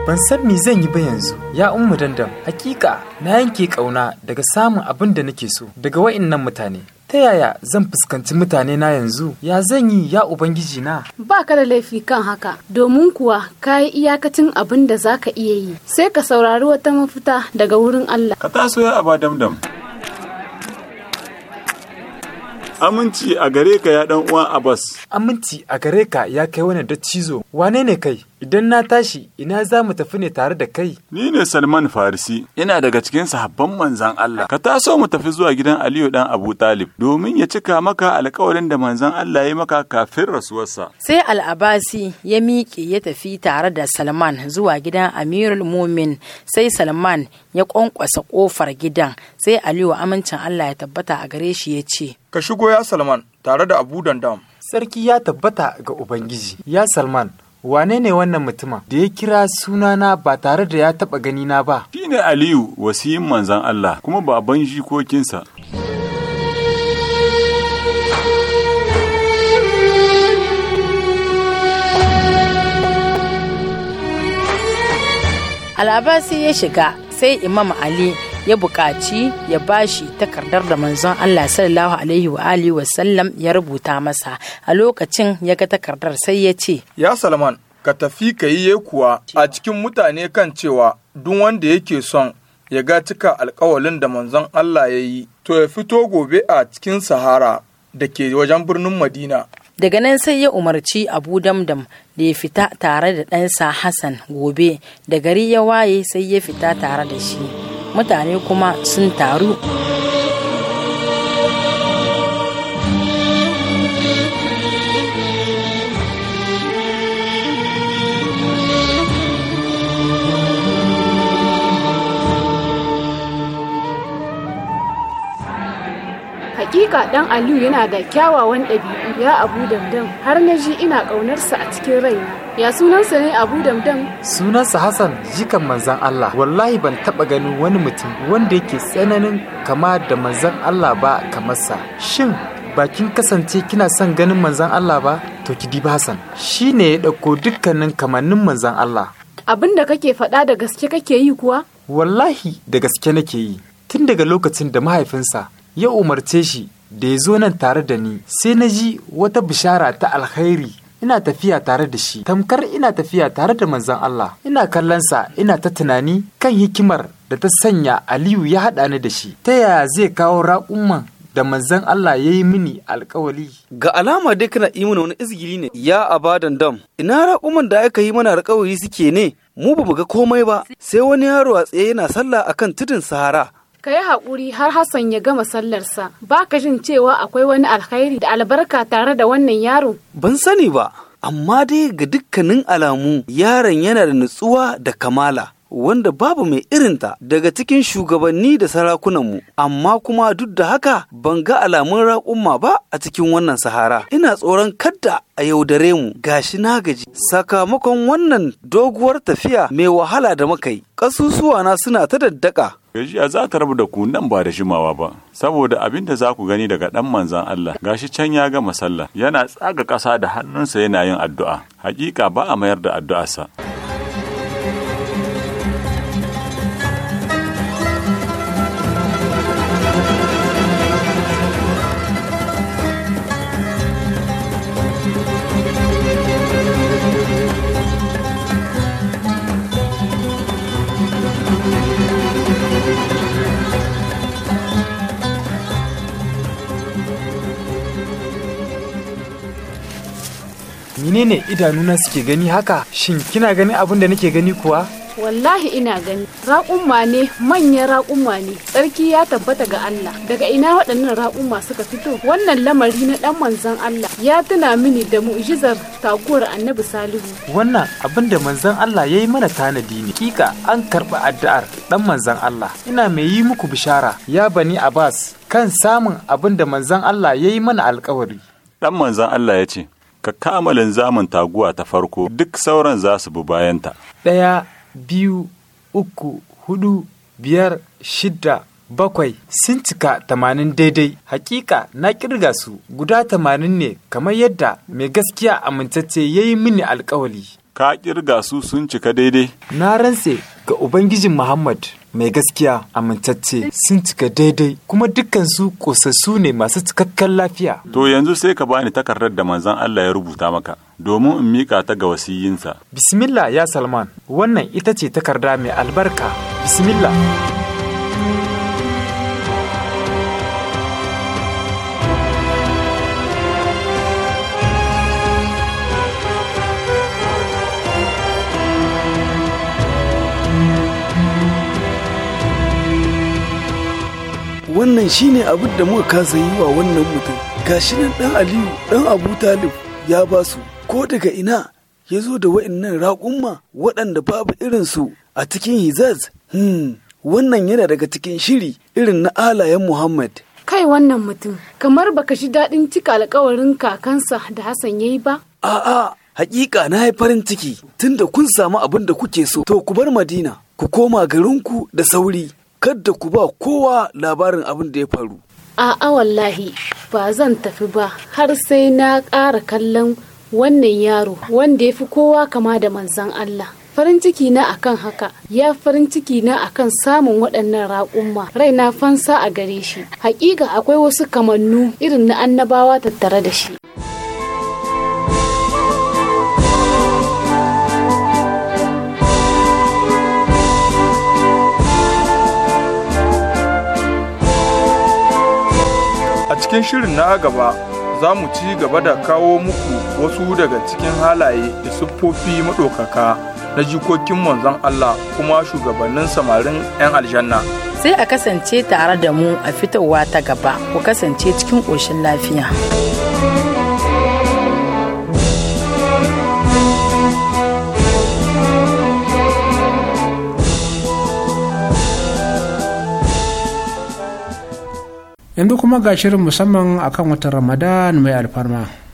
ban san me zan yi ba yanzu ya ummu dandam hakika na yanke kauna daga samun abin da nake so daga wa'innan mutane ta yaya zan fuskanci mutane na yanzu ya zan yi ya ubangiji na ba ka da laifi kan haka domin kuwa ka yi iyakacin abin da za ka iya yi sai ka saurari wata mafita daga wurin allah ka taso ya aba damdam aminci a gare ka ya dan uwan abbas aminci a gare ka ya kai wani da cizo wane ne kai Idan na tashi, ina za mu tafi ne tare da kai? Ni ne Salman Farisi, ina daga cikin sahabban manzan Allah. Ka taso mu tafi zuwa gidan Aliyu dan Abu Talib, domin ya cika maka alkawarin da manzan Allah ya maka kafin rasuwarsa. Sai Al'abasi ya miƙe ya tafi tare da Salman zuwa gidan Amirul Mumin, sai Salman ya ƙwanƙwasa ƙofar gidan, sai Aliyu amincin Allah ya tabbata a gare shi ya ce. Ka shigo ya Salman tare da Abu Dandam. Sarki ya tabbata ga Ubangiji, ya Salman. wane ne wannan mutumin da ya kira sunana ba tare da ya taɓa ganina ba? Shi ne Aliyu wasiyin manzan Allah kuma baban jikokinsa. Al'abasi ya shiga sai Imam Ali ya buƙaci ya bashi takardar da manzon Allah sallallahu alaihi wa alihi wa sallam ya rubuta masa a lokacin ya ga takardar sai ya ce ya Salman ka tafi ka yi kuwa a cikin mutane kan cewa duk wanda yake son ya ga cika alkawalin da manzon Allah ya yi to ya fito gobe a cikin sahara da ke wajen birnin Madina daga nan sai ya umarci abu damdam da ya fita tare da ɗansa hassan gobe da gari ya waye sai ya fita tare da shi mutane kuma sun taru. Hakika dan Aliyu yana da kyawawan ɗabi'u ya Abu Damdam har na ji ina ƙaunarsa a cikin raina. Ya sunansa ne Abu Damdam? Sunansa Hassan jikan manzan Allah. Wallahi ban taɓa ganin wani mutum wanda yake tsananin kama da manzan Allah ba kamarsa. Shin bakin kasance kina son ganin manzan Allah ba? To ki diba Hassan. Shi ne ya ɗauko dukkanin kamannin manzan Allah. Abin da kake faɗa da gaske kake yi kuwa? Wallahi da gaske nake yi. Tun daga lokacin da mahaifinsa ya umarce shi da ya zo nan tare da ni sai na ji wata bishara ta alkhairi ina tafiya tare da shi tamkar ina tafiya tare da manzon Allah ina kallonsa ina ta tunani kan hikimar da ta sanya Aliyu ya haɗa ni da shi ta yaya zai kawo raƙumman da manzon Allah ya yi mini alkawali. Ga alama dai kana yi mana wani izgiri ne ya abadan dam ina raƙuman da aka yi mana alkawari suke ne mu ba mu ga komai ba sai wani yaro a tsaye yana sallah akan tudun sahara ka yi haƙuri har Hassan ya gama sallarsa, ba ka jin cewa akwai wani alkhairi da albarka tare da wannan yaro? Ban sani ba, amma dai ga dukkanin alamu yaron yana da nutsuwa da kamala. wanda babu mai irinta daga cikin shugabanni da sarakunanmu, amma kuma duk da haka ban ga alamun raƙumma ba a cikin wannan sahara. Ina tsoron kadda a yaudare mu gashi na gaji. Sakamakon wannan doguwar tafiya mai wahala da makai, ƙasusuwana suna ta daddaka. gajiya za ta rabu da ku nan ba da jimawa ba saboda abin da za ku gani daga ɗan manzan Allah gashi can ya gama sallah yana tsaga ƙasa da hannunsa yana yin addu'a hakika ba a mayar da addu'arsa. menene idanuna suke gani haka shin kina gani abin da nake gani kuwa wallahi ina gani raƙumma ne manyan raƙumma ne tsarki ya tabbata ga Allah daga ina waɗannan raƙumma suka fito wannan lamari na ɗan manzon Allah ya tuna mini da mu'jizar takuwar annabi salihu wannan abin da manzon Allah ya yi mana tanadi ne kika an karɓi addu'ar ɗan manzon Allah ina mai yi muku bishara ya bani Abbas kan samun abin da manzon Allah ya yi mana alkawari ɗan manzon Allah ya ce ka kama linzamin taguwa ta farko duk sauran za su bi bayanta. Ɗaya, biyu, uku, hudu, biyar, shidda, bakwai sun cika tamanin daidai hakika na kirga su guda tamanin ne kamar yadda mai gaskiya amintacce ya yi mini alkawali. Ka kirga su sun cika daidai? Na rantse ga Ubangijin Muhammad. mai gaskiya amintacce sun cika daidai kuma dukkan su kosassu ne masu cikakken lafiya. To yanzu sai ka bani takardar da manzon Allah ya rubuta maka. domin in mika ta ga wasiyinsa. Bismillah ya Salman, wannan ita ce takarda mai albarka. Bismillah. wannan shi ne abin da muka kasa yi wa wannan mutum gashi nan ɗan aliyu ɗan abu talib ya ba su ko daga ina ya zo da wa'annan raƙumma waɗanda babu irinsu a cikin hizaz hmm. wannan yana daga cikin shiri irin na alayen muhammad kai wannan mutum kamar baka shi daɗin cika alkawarin kakansa da hassan ya yi ba a'a haƙiƙa na yi farin ciki tunda kun samu abin da kuke so to ku bar madina ku koma garinku da sauri kada ku ba kowa labarin abin da ya faru a'a wallahi ba zan tafi ba har sai na ƙara kallon wannan yaro wanda ya fi kowa kama da manzan Allah farin ciki na akan haka ya farin ciki na akan samun waɗannan raƙumma rai na fansa a gare shi hakika akwai wasu kamannu irin na annabawa tattare da shi cikin shirin na gaba za mu ci gaba da kawo muku wasu daga cikin halaye da siffofi maɗaukaka na jikokin manzon Allah kuma shugabannin samarin 'yan aljanna. Sai a kasance tare da mu a fitowa ta gaba ku kasance cikin ƙoshin lafiya. yanzu kuma ga shirin musamman akan watan ramadan mai alfarma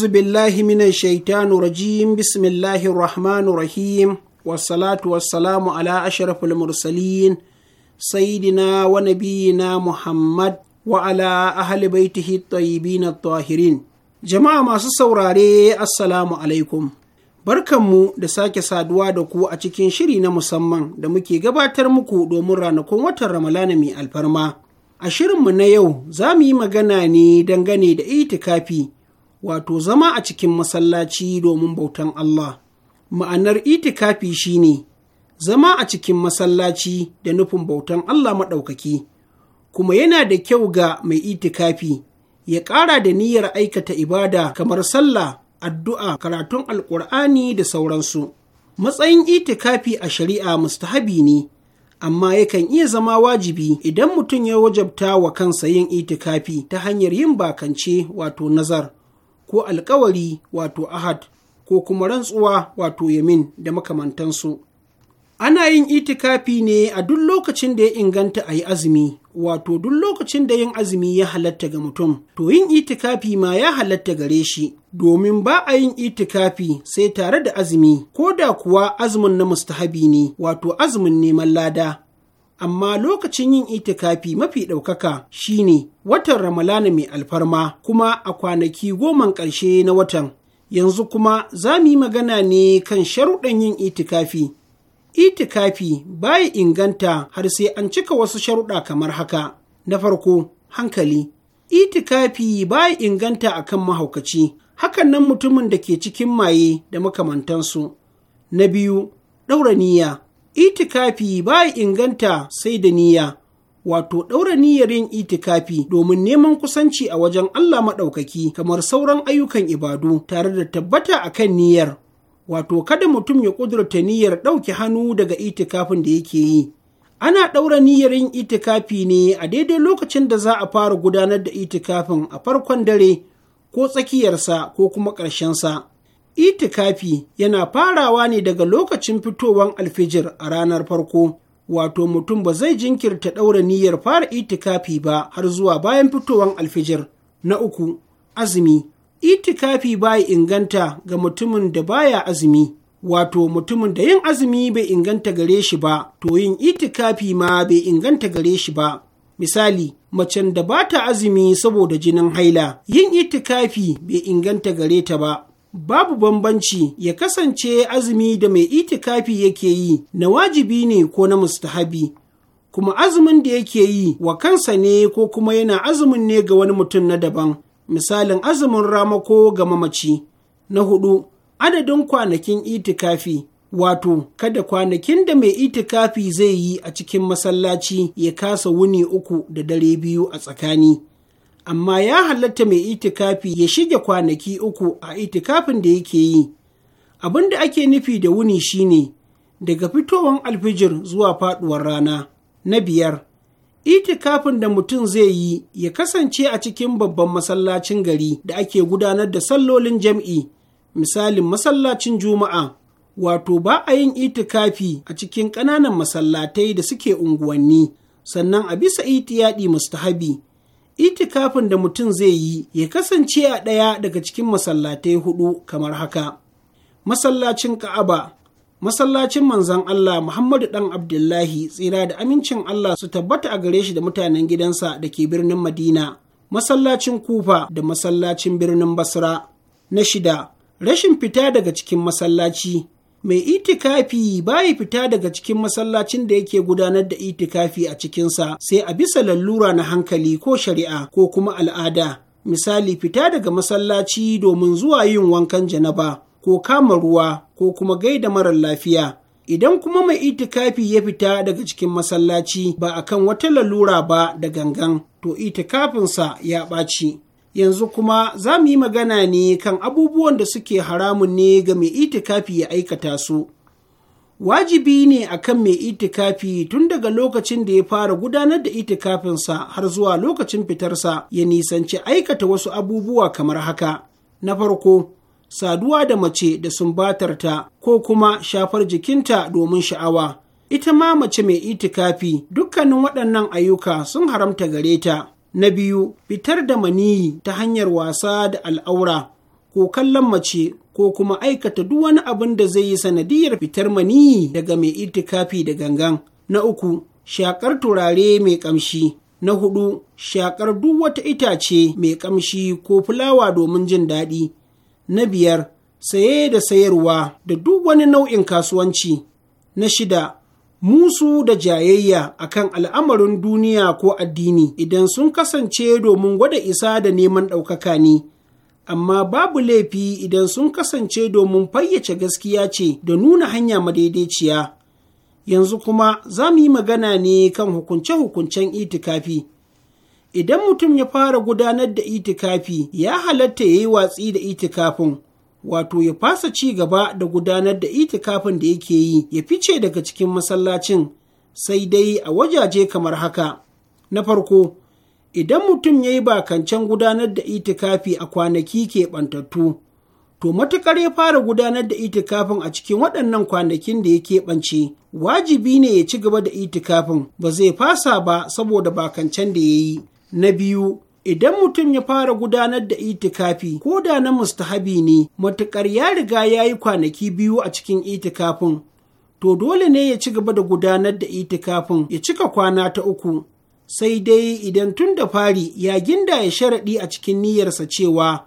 أعوذ بالله من الشيطان الرجيم بسم الله الرحمن الرحيم والصلاة والسلام على mursalin المرسلين سيدنا ونبينا muhammad wa أهل بيته الطيبين الطاهرين جماعة ما jama'a masu saurare assalamu alaikum barkanmu da sake saduwa da ku a cikin shiri na musamman da muke gabatar muku domin ranakun watan ramalana mai alfarma a shirinmu na yau za mu yi magana ne dangane da itikafi wato zama a cikin masallaci domin bautan Allah. Ma'anar itikafi shine zama a cikin masallaci da nufin bautan Allah maɗaukaki, kuma yana da kyau ga mai itikafi ya ƙara da niyyar aikata ibada kamar sallah, addu'a, karatun alƙur'ani da sauransu. Matsayin itikafi a shari'a mustahabi ne, amma yakan iya zama wajibi idan mutum ya wajabta wa kansa yin itikafi ta hanyar yin bakance wato nazar. ko alkawari wato ahad ko kuma rantsuwa wato yamin da makamantansu ana yin itikafi ne a duk lokacin da ya inganta a yi azumi wato duk lokacin da yin azumi ya halatta ga mutum to yin itikafi ma ya halatta gare shi domin ba a yin itikafi sai tare da azumi ko da kuwa azumin na mustahabi ne wato azumin neman lada amma lokacin yin itikafi mafi ɗaukaka shine watan ramalana mai alfarma kuma a kwanaki goman ƙarshe na watan yanzu kuma za mu yi magana ne kan sharuɗan yin itikafi itikafi baya inganta har sai an cika wasu sharuɗa kamar haka na farko hankali itikafi baya inganta a kan mahaukaci hakan nan mutumin da ke cikin maye da makamantansu na biyu ɗaura niyya Itikafi ba inganta sai da niyya, wato ɗaura niyyar yin itikafi domin neman kusanci a wajen Allah maɗaukaki kamar sauran ayyukan ibadu tare da tabbata a kan niyyar. Wato kada mutum ya ƙudurta niyyar ɗauki hannu daga itikafin da yake yi. Ana ɗaura niyyar yin itikafi ne a daidai lokacin da za a fara gudanar da itikafin a farkon dare ko tsakiyarsa ko kuma ƙarshensa. Itikafi yana farawa ne daga lokacin fitowar alfijir a ranar farko, wato mutum ba zai jinkirta ɗaura niyyar fara itikafi ba har zuwa bayan fitowar alfijir. Na uku, azumi. Itikafi baya inganta ga mutumin da baya azumi, wato mutumin da yin azumi bai inganta gare shi ba, to yin itikafi ma bai inganta gare shi ba. Misali, macen da ba ta azumi saboda jinin haila, yin itikafi bai inganta gare ta ba. babu bambanci ya kasance azumi da mai itikafi yake yi na wajibi ne ko na mustahabi kuma azumin da yake yi wa kansa ne ko kuma yana azumin ne ga wani mutum na daban misalin azumin ramako ga mamaci na hudu adadin kwanakin itikafi wato kada kwanakin da mai itikafi zai yi a cikin masallaci ya kasa wuni uku da dare biyu a tsakani amma ya halatta mai itikafi ya shige kwanaki uku a itikafin da yake yi abin da ake nufi da wuni shine daga fitowar alfijir zuwa faduwar rana na biyar itikafin da mutum zai yi ya kasance a cikin babban masallacin gari da ake gudanar da sallolin jam'i misalin masallacin juma'a wato ba a yin itikafi a cikin ƙananan masallatai da suke unguwanni sannan a bisa itiyaɗi mustahabi itikafin da mutum zai yi ya kasance a ɗaya daga cikin masallatai hudu kamar haka masallacin ka'aba masallacin manzan Allah Muhammadu ɗan Abdullahi tsira da amincin Allah su tabbata a gare shi da mutanen gidansa da ke birnin Madina masallacin kufa da masallacin birnin Basra na shida rashin fita daga cikin masallaci mai itikafi baya fita daga cikin masallacin da yake gudanar da itikafi a cikinsa sai a bisa lallura na hankali ko shari'a ko kuma al'ada misali fita daga masallaci domin zuwa yin wankan janaba ko kama ruwa ko kuma gaida marar lafiya idan kuma mai itikafi ya fita daga cikin masallaci ba a kan wata lalura ba da gangan to itikafinsa ya ɓaci yanzu kuma za mu yi magana ne kan abubuwan da suke haramun ne ga mai itikafi ya aikata su wajibi ne a kan mai itikafi tun daga lokacin da ya fara gudanar da itikafinsa har zuwa lokacin fitarsa ya nisanci aikata wasu abubuwa kamar haka na farko saduwa da mace da sumbatarta ko kuma shafar jikinta domin sha'awa ita ma mace mai itikafi dukkanin waɗannan ayyuka sun haramta gare ta Na biyu, fitar da maniyi ta hanyar wasa da al'aura, ko kallon mace ko kuma aikata duk wani abin da zai yi sanadiyar fitar maniyi daga mai itikafi da gangan. Na uku, shakar turare mai ƙamshi. Na hudu, shakar duk wata itace mai ƙamshi ko fulawa domin jin daɗi. Na biyar, saye da sayarwa da duk wani nau'in kasuwanci. Na shida, musu da jayayya akan al'amarin duniya ko addini idan sun kasance domin gwada isa da neman ɗaukaka ne. Amma babu laifi idan sun kasance domin fayyace gaskiya ce da nuna hanya madaidaiciya. Yanzu kuma za mu yi magana ne kan hukunce-hukuncen itikafi. Idan mutum ya fara gudanar da itikafi, ya halatta ya yi watsi da itikafin. wato ya fasa ci gaba da gudanar da itikafin da yake yi ya fice daga cikin masallacin sai dai a wajaje kamar haka na farko idan mutum ya yi bakancen gudanar da itikafi a kwanaki ke keɓantattu to matuƙar ya fara gudanar da itikafin a cikin waɗannan kwanakin da ya keɓance wajibi ne ya ci gaba da itikafin ba zai fasa ba saboda bakancen da ya yi na biyu Idan mutum ya fara gudanar da itikafi ko da na mustahabi ne matuƙar ya riga ya yi kwanaki biyu a cikin itikafin, to dole ne ya ci gaba da gudanar da itikafin ya cika kwana ta uku. Sai dai idan tun da fari ya ginda ya sharaɗi a cikin niyyarsa cewa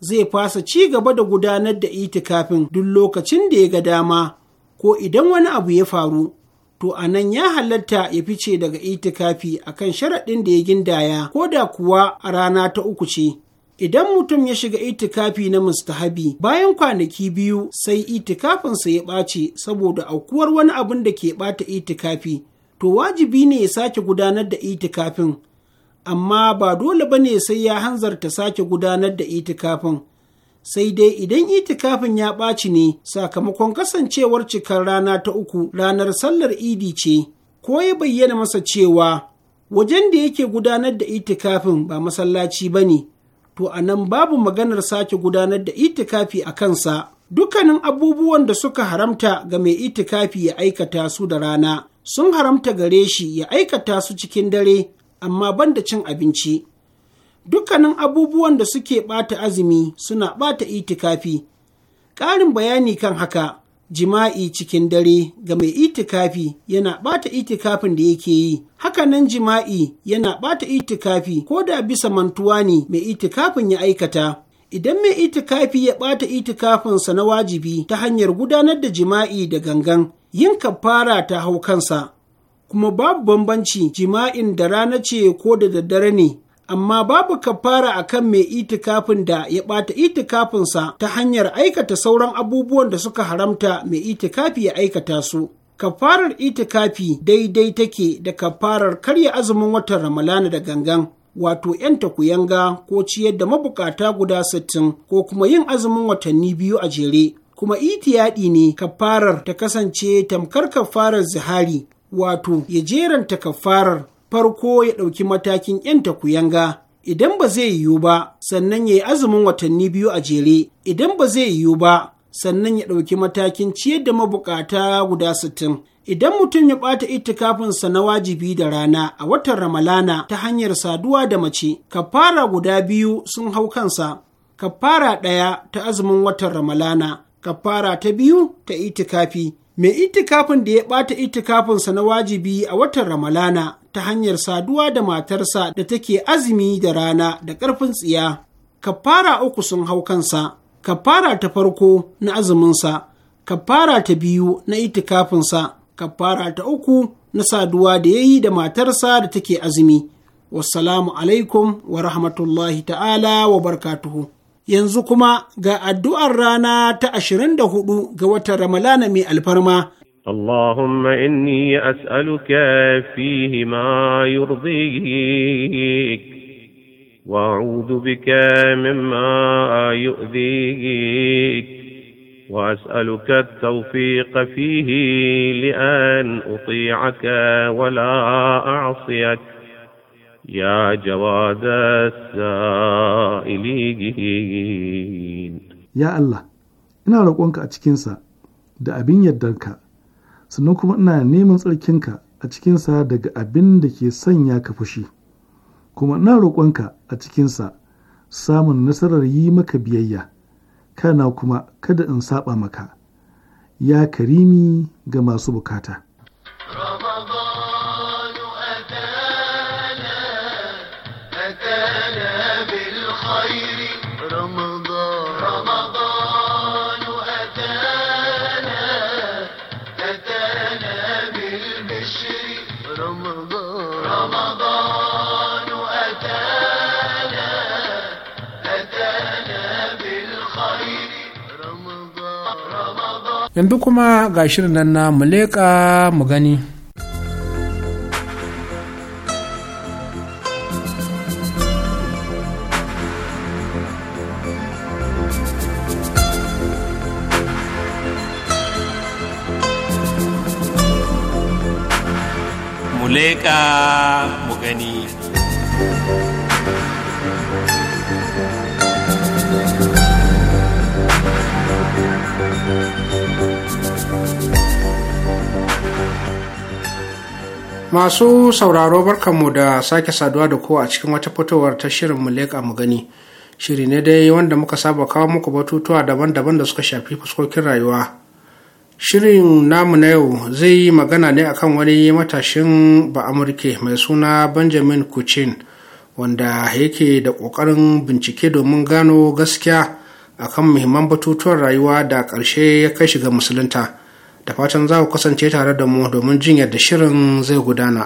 zai fasa ci gaba da gudanar da itikafin duk lokacin da ya ga dama ko idan wani abu ya faru. to a nan ya halatta ya fice daga itikafi akan sharaɗin da ya gindaya ko da kuwa a rana ta uku ce idan mutum ya shiga itikafi na mustahabi bayan kwanaki biyu sai itikafinsa ya ɓace saboda aukuwar wani abin da ke ɓata itikafi to wajibi ne ya sake gudanar da itikafin amma ba dole ba ne sai ya hanzarta sake gudanar da itikafin sai dai idan itikafin ya ɓaci ne sakamakon kasancewar cikar rana ta uku ranar sallar idi ce ko ya bayyana masa cewa wajen da yake gudanar da itikafin ba masallaci ba ne to a nan babu maganar sake gudanar da itikafi a kansa dukkanin abubuwan da suka haramta ga mai itikafi ya aikata su da rana sun haramta gare shi ya aikata su cikin dare amma banda cin abinci dukkanin abubuwan da suke ɓata azumi suna ɓata itikafi ƙarin bayani kan haka jima'i cikin dare ga mai itikafi yana ɓata itikafin da yake yi hakanan jima'i yana ɓata itikafi ko da bisa mantuwa ne mai itikafin ya aikata idan mai itikafi ya ɓata itikafinsa na wajibi ta hanyar gudanar da jima'i da gangan yin kafara ta hau kansa kuma babu bambanci jima'in da rana ce ko da daddare ne amma babu kafara a kan mai itikafin da ya ɓata itikafinsa ta hanyar aikata sauran abubuwan da suka haramta mai itikafi ya aikata su. Kafarar itikafi daidai take da kafarar karya azumin watan Ramalana da gangan. Wato ‘yan takuyanga ko ciyar da mabukata guda sittin ko kuma yin azumin watanni biyu a jere, kuma itiyaɗi ne kafarar ta kasance tamkar kafarar zihari, wato ya jeranta kafarar farko ya ɗauki matakin ‘yanta kuyanga, idan ba zai yiwu ba, sannan ya yi azumin watanni biyu a jere, idan ba zai yiwu ba, sannan ya ɗauki matakin ciyar da mabukata guda sittin. Idan mutum ya ɓata ittikafinsa na wajibi da rana a watan Ramalana ta hanyar saduwa da mace, kafara guda biyu sun hau kansa, kafara ɗaya ta azumin watan Ramalana, kafara ta biyu ta itikafi, mai itikafin da ya ɓata itikafinsa na wajibi a watan Ramalana ta hanyar saduwa da matarsa da take azumi da rana da ƙarfin tsiya. Kafara uku sun hau kansa, kafara ta farko na azuminsa, kafara ta biyu na itikafinsa, kafara ta uku na saduwa da ya yi da matarsa da take azumi. Wassalamu alaikum wa rahmatullahi ta'ala wa barkatuhu. yanzu kuma ga addu'ar rana ta 24 ga watan Ramalana mai alfarma. اللهم إني أسألك فيه ما يرضيك وأعوذ بك مما يؤذيك وأسألك التوفيق فيه لأن أطيعك ولا أعصيك يا جواد السائلين يا الله ina roƙonka a cikinsa da abin ka, sannan kuma ina neman tsarkinka a cikinsa daga abin da ke sanya ka fushi kuma ina roƙonka a cikinsa samun nasarar yi maka biyayya kana kuma kada in saba maka ya karimi ga masu bukata yanzu kuma ga shirin nan na mu leƙa mu gani Muleka masu sauraro barkanmu da sake saduwa da kowa a cikin wata fitowar ta shirin muleka mu gani shiri ne dai wanda muka saba kawo muku batutuwa daban-daban da suka shafi fuskokin rayuwa shirin namu na yau zai yi magana ne akan wani matashin ba amurke mai suna benjamin kuchin wanda yake da ƙoƙarin bincike domin gano gaskiya akan muhimman batutuwan rayuwa da ƙarshe ya kai shiga musulunta da fatan za ku kasance tare da mu domin jin yadda shirin zai gudana.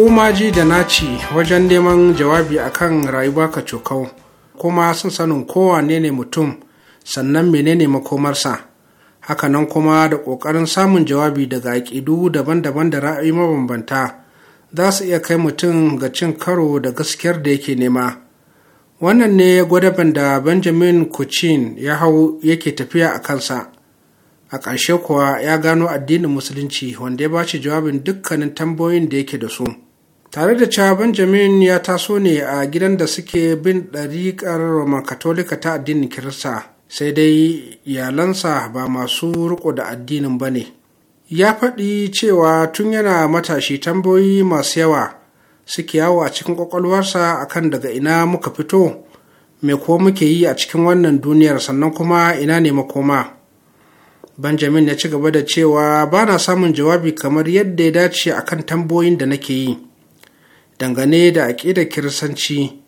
Kumaji da naci wajen neman jawabi akan rayuwa ka cokau. kuma sun sanin kowane ne mutum sannan menene makomarsa hakanan kuma da ƙoƙarin samun jawabi daga aƙidu daban-daban da ra'ayi mabambanta za su iya kai mutum ga cin karo da gaskiyar da yake nema wannan ne gwadaban da benjamin kuchin ya hau yake tafiya a kansa a ƙarshe kuwa ya gano addinin musulunci wanda ya ba shi jawabin dukkanin tambayoyin da yake da su. tare da cewa benjamin ya taso ne a gidan da suke bin ɗariƙar roman katolika ta addinin kirista sai dai iyalansa ba masu riko da addinin ba ne ya faɗi cewa tun yana matashi tambayoyi masu yawa suke yawo a cikin ƙwaƙwalwarsa akan daga ina muka fito me ko muke yi a cikin wannan duniyar sannan kuma ina ne makoma benjamin ya ci gaba da cewa ba na samun jawabi kamar yadda ya dace akan tambayoyin da nake yi dangane da aƙidar kirsanci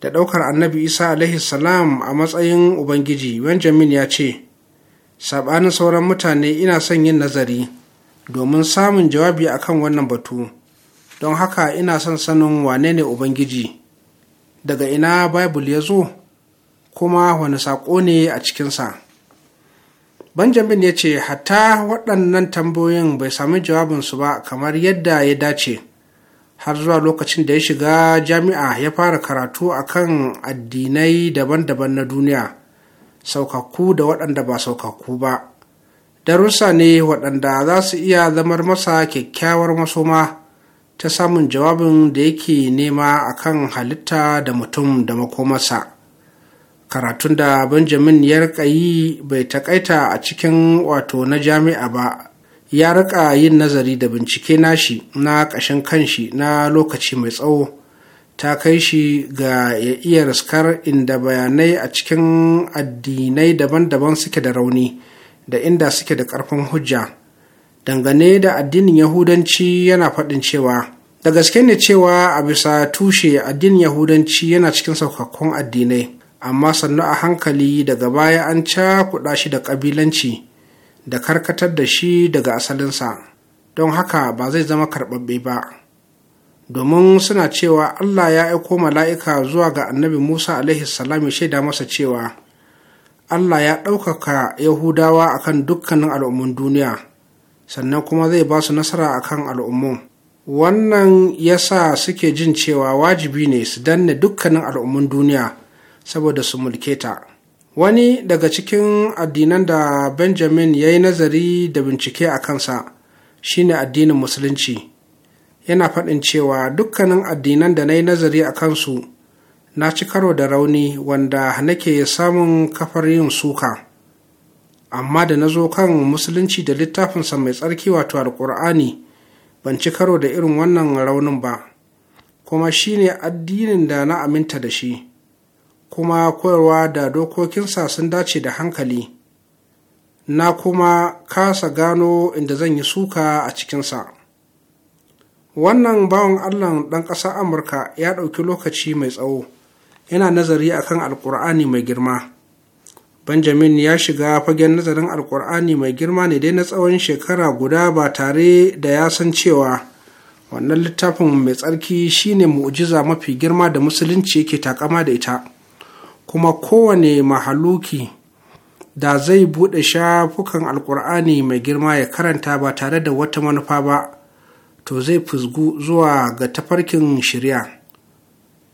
da ɗaukar annabi isa alaihi salam a matsayin ubangiji benjamin ya ce saɓanin sauran mutane ina son yin nazari domin samun jawabi akan wannan batu don haka ina son sanin wane ne ubangiji daga ina bible ya zo kuma wani saƙo ne a cikinsa benjamin ya ce hatta waɗannan tambayoyin bai sami jawabinsu ba kamar yadda ya dace har zuwa lokacin da ya shiga jami'a ya fara karatu a kan addinai daban-daban na duniya saukaku da waɗanda ba saukaku ba darussa ne waɗanda za su iya zamar masa kyakkyawar masoma ta samun jawabin da yake nema a kan halitta da mutum da makomarsa karatun da benjamin ya yi bai takaita a cikin wato na jami'a ba ya rika yin nazari da bincike nashi na ƙashin kanshi na lokaci mai tsawo ta kai shi ga ya iya raskar inda bayanai a cikin addinai daban-daban suke da rauni da inda suke da ƙarfin hujja dangane da addinin yahudanci yana faɗin cewa da gaske ne cewa a bisa tushe addinin yahudanci yana cikin saukakkun addinai amma sannu a hankali daga baya an cakuɗa shi da ƙabilanci da karkatar da shi daga asalinsa don haka ba zai zama karɓaɓɓe ba domin suna cewa Allah ya aiko mala'ika zuwa ga annabi Musa salam ya shaida masa cewa Allah ya ɗaukaka Yahudawa akan dukkanin al'ummun duniya sannan kuma zai ba su nasara akan al'ummun wannan ya sa suke jin cewa wajibi ne su danne dukkanin al'ummun duniya saboda su mulketa. ta. wani daga cikin addinan da benjamin ya yi nazari da bincike a kansa shine addinin musulunci yana faɗin cewa dukkanin addinan da na yi nazari a kansu na ci karo da rauni wanda nake samun kafar yin suka amma da na zo kan musulunci da littafinsa mai tsarki wato alkur'ani ban ci karo da irin wannan raunin ba kuma shine addinin da na aminta da shi kuma koyarwa da dokokinsa sun dace da hankali na kuma kasa gano inda zan yi suka a cikinsa wannan bawan allah ɗan ƙasa amurka ya ɗauki lokaci mai tsawo yana nazari akan alkur'ani mai girma benjamin ya shiga fagen nazarin alkur'ani mai girma ne dai na tsawon shekara guda ba tare da ya san cewa wannan littafin mai tsarki shine mu'jiza mafi girma da musulunci yake takama da ita kuma kowane mahaluki da zai buɗe shafukan alkur'ani mai girma ya karanta ba tare da wata manufa ba to zai fusgu zuwa ga tafarkin shirya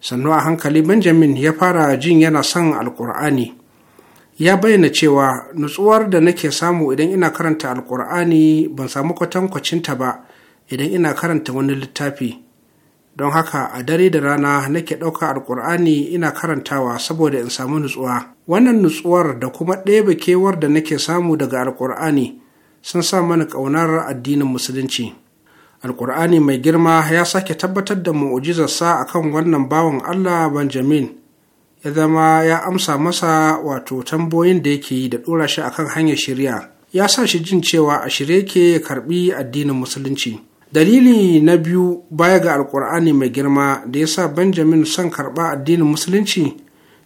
sannu a hankali benjamin ya fara jin yana son alkur'ani ya bayyana cewa nutsuwar da nake samu idan ina karanta alkur'ani ban samu kwatankwacinta ba idan ina karanta wani littafi don haka a dare da rana nake ɗauka alkur'ani ina karantawa saboda in samu nutsuwa wannan nutsuwar da kuma ɗaya kewar da nake samu daga alkur'ani sun sa mana ƙaunar addinin musulunci alkur'ani mai girma ya sake tabbatar da mu'ujizarsa kan wannan bawan allah benjamin ya zama ya amsa masa wato tambayoyin da yake yi da ɗora shi akan hanyar shirya ya sa shi jin cewa a shirye ke karɓi addinin musulunci dalili na biyu baya ga alkur'ani mai girma da ya sa benjamin son karɓa addinin musulunci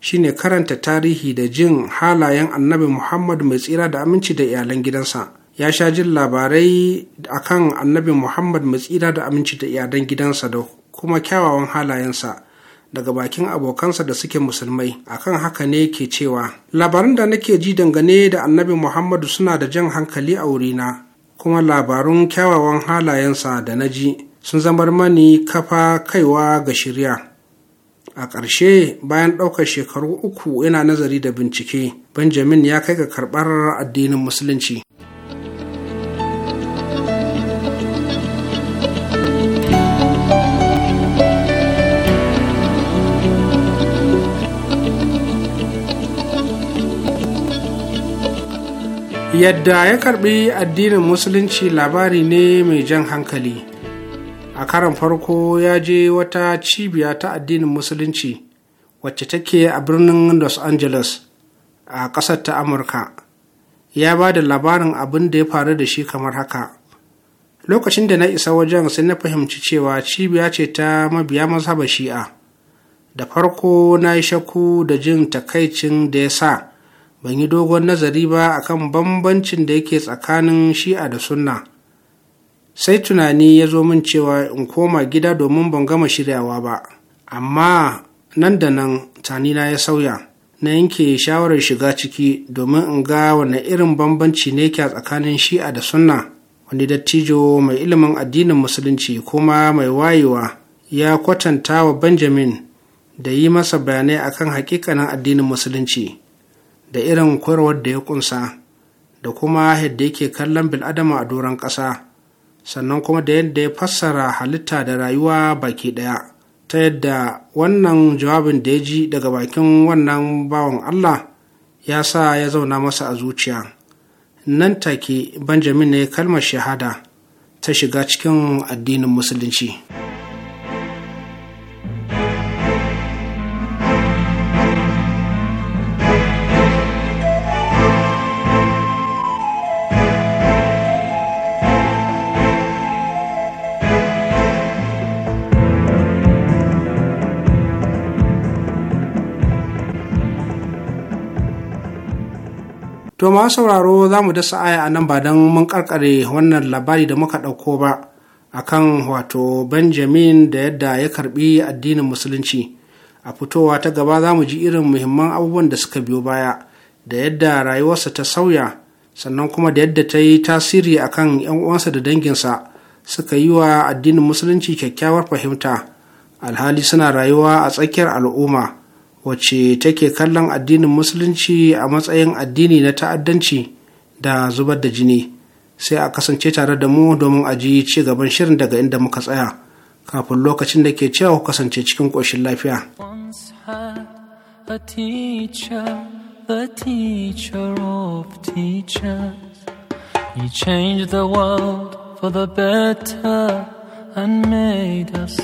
shine karanta tarihi da jin halayen annabi muhammad mai tsira da aminci da iyalan gidansa ya sha jin labarai akan annabi muhammad mai tsira da aminci da iyalan gidansa da kuma kyawawan halayensa daga bakin abokansa da suke musulmai akan haka ne ke cewa labaran da nake ji dangane da annabi muhammadu suna da jan hankali a wurina kuma labarun kyawawan halayensa da na ji sun zamar mani kafa kaiwa ga shirya a ƙarshe bayan ɗaukar shekaru uku yana nazari da bincike benjamin ya kai ga karɓar addinin musulunci yadda ya karbi addinin musulunci labari ne mai jan hankali a karan farko ya je wata cibiya ta addinin musulunci wacce take a birnin los angeles a ƙasar ta amurka ya ba da labarin abin da ya faru da shi kamar haka lokacin da na isa wajen sai na fahimci cewa cibiya ce ta mabiya mazhaba shi'a da farko na yi shakku da jin takaicin da ya sa ban yi dogon nazari ba akan bambancin da yake tsakanin shi'a da sunna sai tunani ya zo min cewa in koma gida domin ban gama shiryawa ba amma nan da nan tanina ya sauya na yanke shawarar shiga ciki domin in ga wane irin bambanci ne ke tsakanin shi'a da sunna wani dattijo mai ilimin addinin musulunci kuma mai wayewa ya kwatanta wa benjamin da yi masa bayanai akan hakikanin addinin musulunci da irin koyarwar da ya kunsa da kuma yadda yake kallon bil'adama a doron ƙasa sannan kuma da yadda ya fassara halitta da rayuwa baki ɗaya ta yadda wannan jawabin da ya ji daga bakin wannan bawan allah ya sa ya zauna masa a zuciya nan take benjamin ne kalmar shahada ta shiga cikin addinin musulunci. To ma sauraro za mu dasa aya a nan ba don mun karkare wannan labari da muka ɗauko ba a kan wato Benjamin da yadda ya karbi addinin musulunci. A fitowa ta gaba za mu ji irin muhimman abubuwan da suka biyo baya da yadda rayuwarsa ta sauya sannan kuma da yadda ta yi tasiri a kan uwansa da danginsa suka yi wa addinin musulunci kyakkyawar fahimta alhali suna rayuwa a tsakiyar al'umma. wacce take kallon addinin musulunci a matsayin addini na ta'addanci da zubar da jini sai a kasance tare da mu domin a ji ci gaban shirin daga inda muka tsaya kafin lokacin da ke cewa kasance cikin ƙoshin lafiya. the teacher of teachers, he changed the world for the better and made us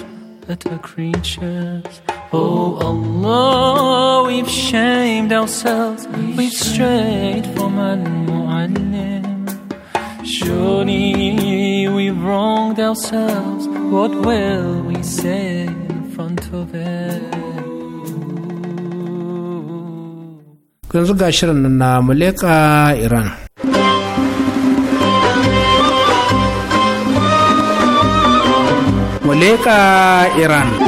Oh Allah, we've shamed ourselves, we've strayed from Al-Mu'allim. Surely we've wronged ourselves, what will we say in front of him? Yanzu ga shirin na Muleka Iran. Muleka Iran.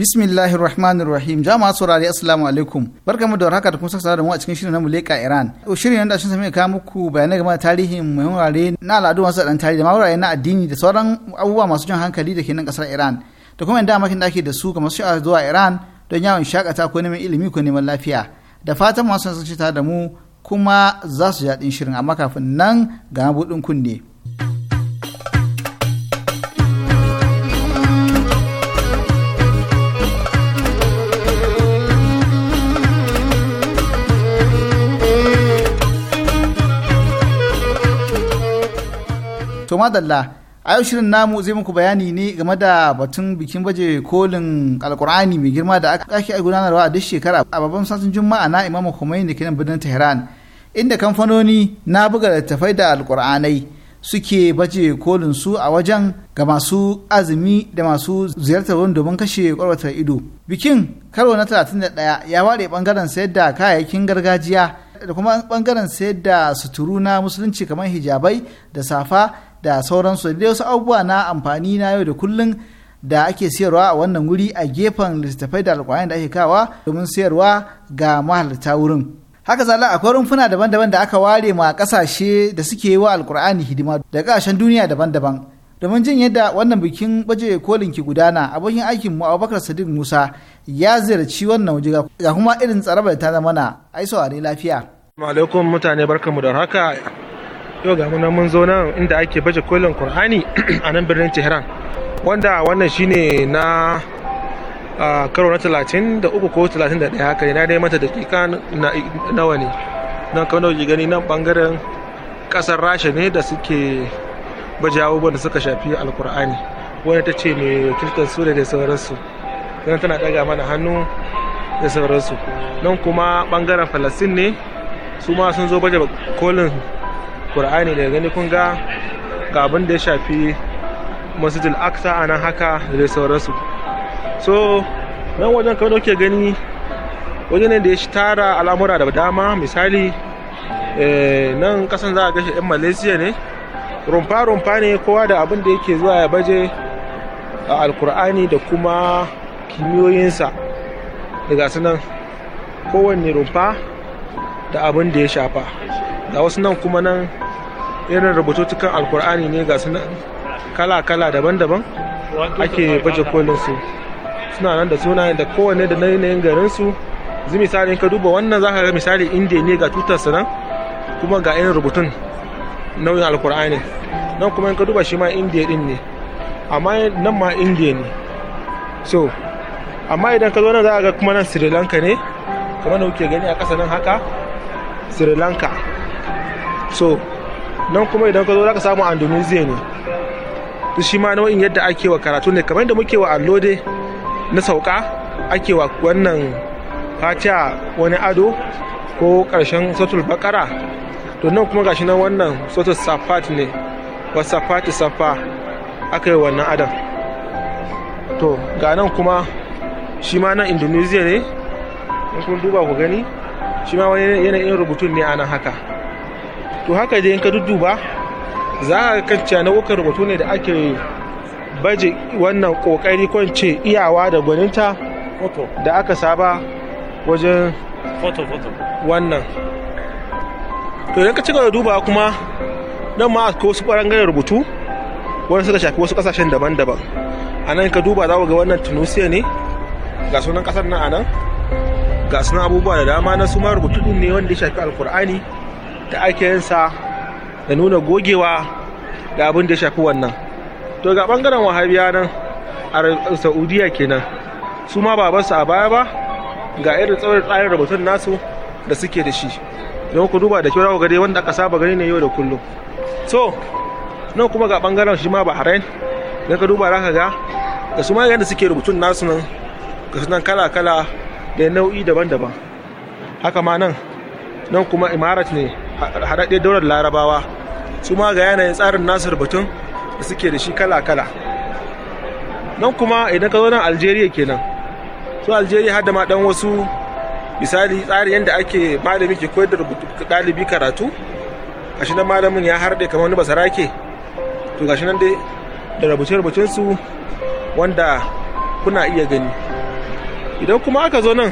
Bismillahir Rahmanir Rahim. Jama'a saurari Assalamu alaikum. Barkamu da warhaka da kuma saka da mu a cikin shirin namu Leka Iran. Shirin da shin sami ka muku bayanai game da tarihin muhimman wurare na al'adu masu dan tarihi da ma wurare na addini da sauran abubuwa masu jan hankali da ke nan kasar Iran. Da kuma a makin da ake da su ga masu su zuwa Iran don yawon shakata ko neman ilimi ko neman lafiya. Da fatan masu sun ta da mu kuma za su ji daɗin shirin amma kafin nan ga buɗin kunne. To madalla, a yau shirin namu zai muku bayani ne game da batun bikin baje kolin alkur'ani mai girma da aka ake gudanarwa a duk shekara a babban satin juma'a na imam Khomeini da ke birnin Tehran. Inda kamfanoni na buga littattafai da alkur'anai suke baje kolin su a wajen ga masu azumi da masu ziyartar wurin domin kashe kwarwatar ido. Bikin karo na talatin da ɗaya, ya ware bangaren sayar da kayayyakin gargajiya da kuma bangaren sayar da suturu na musulunci kamar hijabai da safa da sauransu da wasu abubuwa na amfani na yau da kullum da ake siyarwa a wannan wuri a gefen littattafai da alƙwayan da ake kawa domin siyarwa ga mahalarta wurin. Haka zala akwai rumfuna daban-daban da aka ware ma kasashe da suke yi wa alƙur'ani hidima da ƙasashen duniya daban-daban. Domin jin yadda wannan bikin baje kolin ki gudana abokin aikin mu Abubakar Sadiq Musa ya ziyarci wannan waje ga kuma irin tsaraba da ta zama na aisawa ne lafiya. Alaikum mutane barkamu da haka yau ga muna mun zo nan inda ake baje kolin Kur'ani a nan birnin Tehran wanda wannan shine na karo na 33 ko 31 haka na dai mata dakika nawa ne na kano ji gani nan bangaren kasar rasha ne da suke baje abubuwan da suka shafi alkur'ani wani ta ce mai wakiltar su da sauransu don tana ɗaga mana hannu da sauransu nan kuma bangaren falasin ne su ma sun zo baje kolin ƙur'ani daga gani kun ga abin da ya shafi masjidil aksa a nan haka da sauransu so nan wajen kawai dauke gani wajen ne da ya tara al'amura da dama misali eh, nan kasan za a gashi 'yan malaysia ne rumfa-rumfa ne kowa da abin da yake zuwa ya baje a alkur'ani da kuma kimiyoyinsa daga sunan kowanne rumfa da abin da ya shafa ga wasu nan kuma nan irin rubututukan alkur'ani ne ga su kala-kala daban-daban ake baje kolin su suna nan da suna da kowane da yanayin garin su zai misali ka duba wannan za ka ga misali indiya ne ga tutarsa nan kuma ga irin rubutun nauyin alkur'ani nan kuma in ka duba shi ma indiya din ne amma nan ma indiya ne so amma idan ka zo nan za ka ga kuma nan sri lanka ne kamar da kuke gani a ƙasa nan haka sri lanka so nan kuma idan ka zo za ka samu andonesia ne to shi ma nau'in yadda ake wa karatu ne kamar yadda muke wa allo dai na sauka ake wa wannan fatiha wani ado ko ƙarshen sotul bakara to nan kuma gashi nan wannan sotul safat ne wa safati safa aka yi wannan adam to ga nan kuma shi ma nan indonesia ne in kun duba ku gani shi ma wani yanayin rubutun ne a nan haka to haka dai in ka dudduba za ka kacce nau'ukan rubutu ne da ake baje wannan kokari ko ce iyawa da gwaninta da aka saba wajen wannan to idan ka ci gaba dubawa duba kuma nan ma ko wasu ɓangaren rubutu wani suka shafi wasu ƙasashen daban-daban a nan ka duba za ga wannan tunisia ne ga sunan ƙasar nan a nan ga sunan abubuwa da dama na su ma rubutu ne wanda ya shafi alkur'ani da ake yin sa da nuna gogewa da abin da ya shafi wannan to ga bangaren wahabiya nan a saudiya kenan su ma ba a baya ba ga irin tsawon tsarin rubutun nasu da suke da shi don ku duba da kyau gare wanda aka saba gani ne yau da kullum so nan kuma ga bangaren shi ma bahrain da ka duba zaka ga da su ma yadda suke rubutun nasu nan ga sunan kala-kala da nau'i daban-daban haka ma nan nan kuma imarat ne haɗaɗɗe daular larabawa su ma ga yanayin tsarin nasu rubutun da suke da shi kala-kala nan kuma idan ka zo nan algeria kenan su algeria har da ma dan wasu misali tsarin yadda ake malami ke koyar da ɗalibi karatu gashi nan malamin ya harɗe kamar wani ke to gashi nan dai da rubuce-rubucen su wanda kuna iya gani idan kuma aka zo nan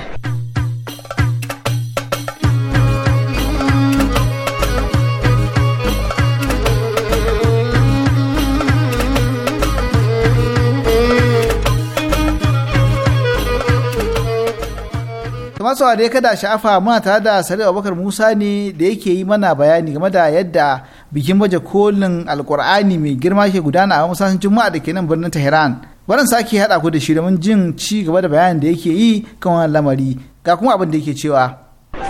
masu da ya kada sha'afa muna tare da sarai abubakar musa ne da yake yi mana bayani game da yadda bikin baje kolin alkur'ani mai girma ke gudana a masashin juma'a da ke nan birnin tehran barin sake haɗa ku da shi domin jin ci gaba da bayanin da yake yi kan wannan lamari ga kuma abin da yake cewa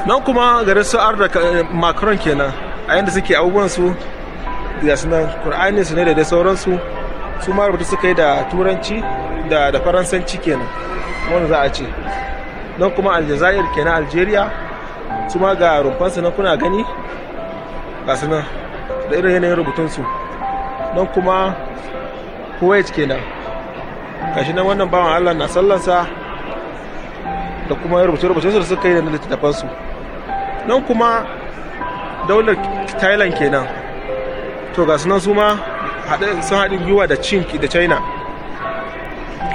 nan kuma garin su arda macron kenan a yadda suke abubuwan su ga sunan qur'ani su ne da dai sauransu su ma rubutu suka yi da turanci da da faransanci kenan wanda za a ce nan kuma aljazair na algeria su ma ga rumfansu nan kuna gani ga su nan da irin yanayin rubutunsu nan kuma kuwait kenan gashi nan wannan bawan allah na sallansa da kuma rubutun rubuce su da suka yi da littattafansu nan kuma daular thailand kenan to ga su nan su ma sun haɗin gwiwa da cin da china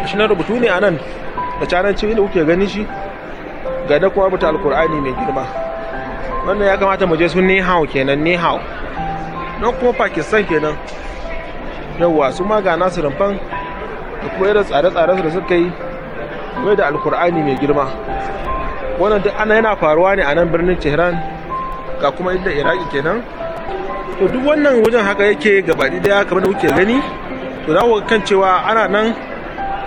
shi na rubutu ne a nan da canan cin da kuke gani shi ga da kuma rubuta alkur'ani mai girma wannan ya kamata mu je su hau kenan ni hau na kuma pakistan kenan yawwa su ma ga nasu rumfan da kuma irin tsare-tsare da suka yi mai da alkur'ani mai girma wannan duk ana yana faruwa ne a nan birnin tehran ga kuma inda iraki kenan to duk wannan wajen haka yake gabaɗi daya kamar da kuke gani to za ku kan cewa ana nan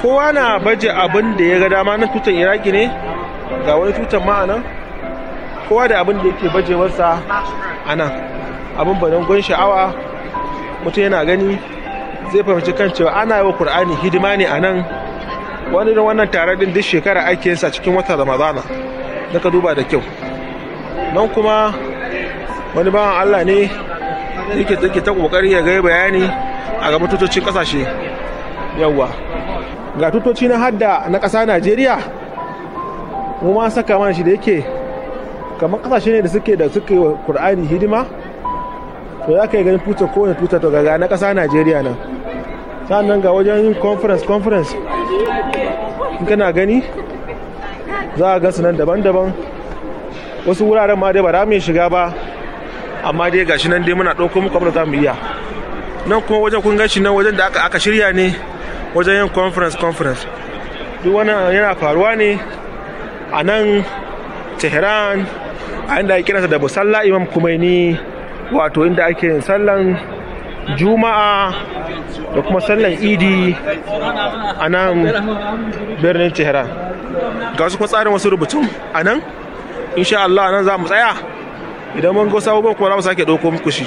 kowa na baje abin da ya ga dama na tutan iraki ne ga wani tutan ma nan kowa da abin da yake bajewarsa a nan abin banan gwan sha'awa mutum yana gani zai fahimci kan cewa ana yi wa kur'ani hidima ne a nan wani da wannan tare din duk shekara ake yinsa cikin watan ramadana da ka duba da kyau nan kuma wani bawan allah ne yake take ta kokari ya gai bayani a ga tutocin kasashe yawwa ga tutoci na hadda na ƙasa najeriya mu ma saka mana shi da yake kamar kasashe ne da suke da suke wa qur'ani hidima to ya kai ganin ganin ko kowane tutar to gaga na ƙasa najeriya nan sannan ga wajen yin conference conference in kana gani za a gasu nan daban-daban wasu wuraren ma dai ba za mu shiga ba amma dai gashi nan dai muna ɗauko muku abin da za mu iya nan kuma wajen kun gashi nan wajen da aka shirya ne wajen yin conference conference duk wannan yana faruwa ne a nan tehran a inda ake kiransa da musalla imam kumaini wato inda ake yin sallan juma'a da kuma sallan idi a nan birnin tehran ga su kuma tsarin wasu rubutun a nan insha Allah nan za mu tsaya idan mun ga sabon kuma za mu sake ɗauko muku shi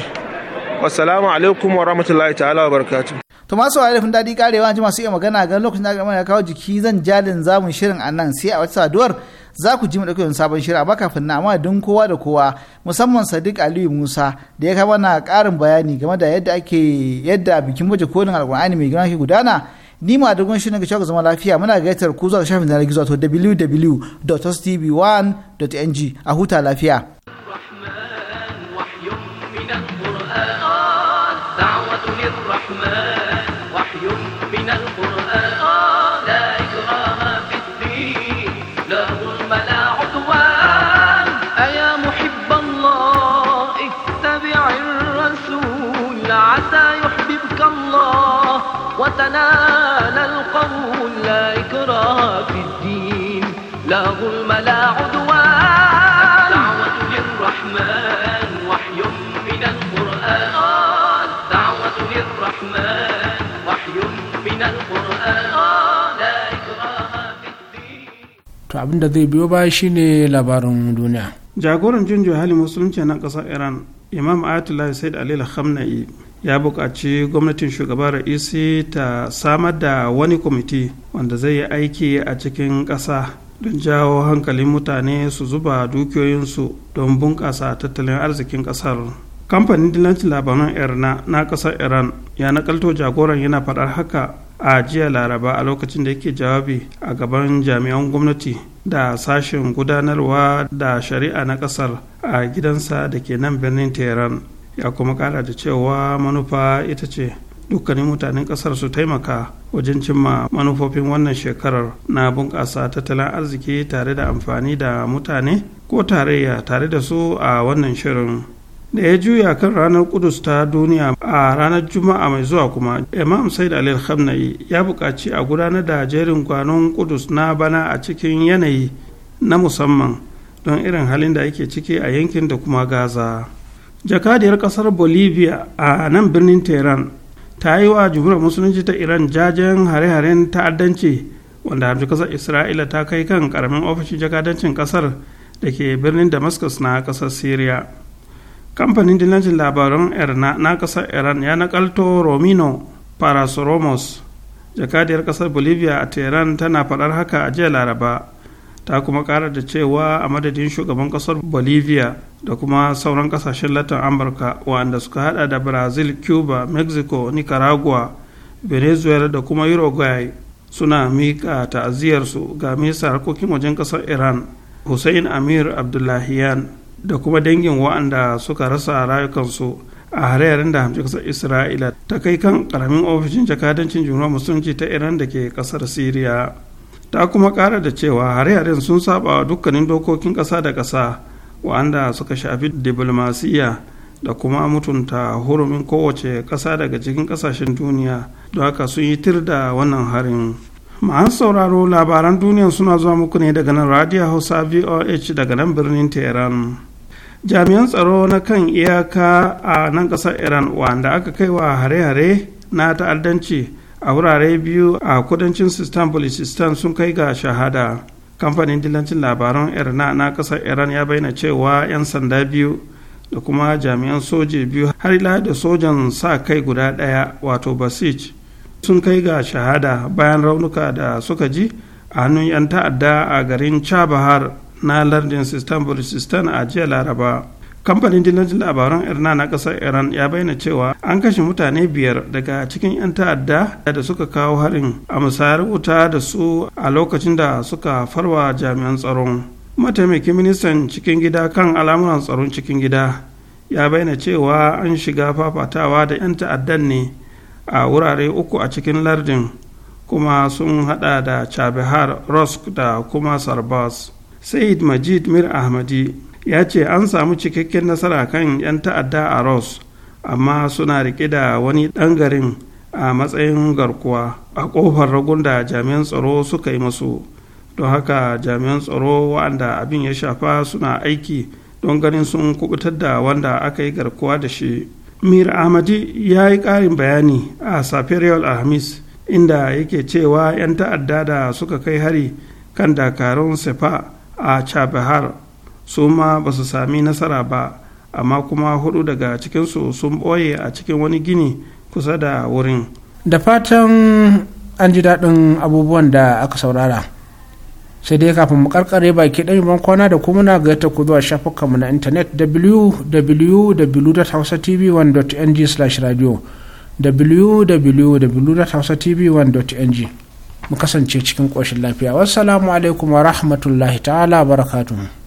wassalamu alaikum wa rahmatullahi ta'ala wa barakatuh to masu wari fin daɗi karewa ji masu iya magana ga lokacin da ya kawo jiki zan jalin zamun shirin a nan sai a wata saduwar za ku ji mu ɗauke sabon shirin amma kafin na amma don kowa da kowa musamman sadiq aliyu musa da ya kawo na ƙarin bayani game da yadda ake yadda bikin baje kolin alkur'ani mai girma ke gudana ni ma dogon shirin ga zama lafiya muna gaitar ku zuwa shafin yanar gizo to www.tv1.ng a huta lafiya. abin da zai biyo shi ne labarin duniya jagoran junjo hali musulunci na ƙasar iran imam ayatollah said ali khamnai ya buƙaci gwamnatin shugaba ra'isi ta samar da wani kwamiti wanda zai yi aiki a cikin ƙasa don jawo hankalin mutane su zuba dukiyoyinsu don bunƙasa tattalin arzikin ƙasar kamfanin dillancin labaran irna na ƙasar iran ya nakalto jagoran yana faɗar haka a jiya laraba a lokacin da yake jawabi a gaban jami'an gwamnati da sashen gudanarwa da shari'a na kasar a gidansa da ke nan birnin tehran ya kuma kara da cewa manufa ita ce dukkanin mutanen kasar su taimaka wajen cimma manufofin wannan shekarar na bunƙasa tattalin arziki tare da amfani da mutane ko tarayya tare da su a wannan shirin. da ya juya kan ranar kudus ta duniya a ranar juma'a mai zuwa kuma imam said alil khamnai ya buƙaci a gudanar da jerin kwanon kudus na bana a cikin yanayi na musamman don irin halin da ake ciki a yankin da kuma gaza jakadiyar kasar bolivia a nan birnin tehran ta yi wa jumhuriyar musulunci ta iran jajen hare-haren ta'addanci wanda hamshi kasar isra'ila ta kai kan ƙaramin ofishin jakadancin kasar da ke birnin damascus na kasar syria kamfanin dillancin labaran erna na kasar iran ya nakalto romino parasoromos jakadiyar kasar bolivia a tehran tana faɗar haka a jiya laraba ta kuma ƙara da cewa a madadin shugaban kasar bolivia da kuma sauran kasashen latin amurka wanda suka hada da brazil cuba mexico nicaragua venezuela da kuma uruguay suna miƙa ta'aziyarsu ga misa harkokin wajen kasar iran hussein amir abdullahiyan da kuma dangin wa'anda suka rasa rayukansu a harayarin da hamshi kasar isra'ila ta kai kan karamin ofishin jakadancin juna musulunci ta iran da ke kasar Siriya. ta kuma kara da cewa harayarin sun saba dukkanin dokokin kasa da kasa wa'anda suka shafi diplomasiya da kuma mutunta hurumin kowace kasa daga cikin kasashen duniya don haka sun yi tir da wannan harin ma'an sauraro labaran duniya suna zuwa muku ne daga nan radio hausa voh daga nan birnin teheran jami'an tsaro na kan iyaka a nan ƙasar iran wanda aka kai wa hare-hare na ta'addanci a wurare biyu a kudancin sistan bulisistan sun kai ga shahada kamfanin dillancin labaran irna na ƙasar iran ya bayyana cewa 'yan sanda biyu da kuma jami'an soja biyu har ila da sojan sa kai guda ɗaya wato basij sun kai ga shahada bayan raunuka da suka ji a hannun 'yan ta'adda a garin chabahar na lardin sistan a jiya laraba kamfanin dinajin labaran irna na kasar iran ya bayyana cewa an kashe mutane biyar daga cikin 'yan ta'adda da suka kawo harin a musayar wuta da su a lokacin da suka farwa jami'an tsaron mataimakin ministan cikin gida kan alamuran tsaron cikin gida ya bayyana cewa an shiga fafatawa da 'yan ta'addan ne a wurare uku a cikin lardin kuma sun hada da chabihar rosk da kuma sarbas said majid mir ahmadi ya ce an samu cikakken nasara kan 'yan ta'adda a Ross amma suna riƙe da wani ɗan garin a matsayin garkuwa a ƙofar ragun da jami'an tsaro suka yi masu don haka jami'an tsaro wa'anda abin ya shafa suna aiki don ganin sun kubutar da wanda aka yi garkuwa da shi mir ahmadi ya yi ƙarin bayani a safiyar alhamis inda yake cewa 'yan ta'adda da suka kai hari kan dakarun sefa a chabahar su ma ba su sami nasara ba amma kuma hudu daga cikinsu sun ɓoye a cikin wani gini kusa da wurin da fatan an ji daɗin abubuwan da aka saurara sai dai kafin mu karkare baki ɗan ban kwana da kuma na ga ku zuwa shafukanmu na intanet www.hausatv1.ng/radio www.hausatv1.ng mu kasance cikin ƙoshin lafiya wassalamu alaikum wa rahmatullahi ta'ala barakatuhu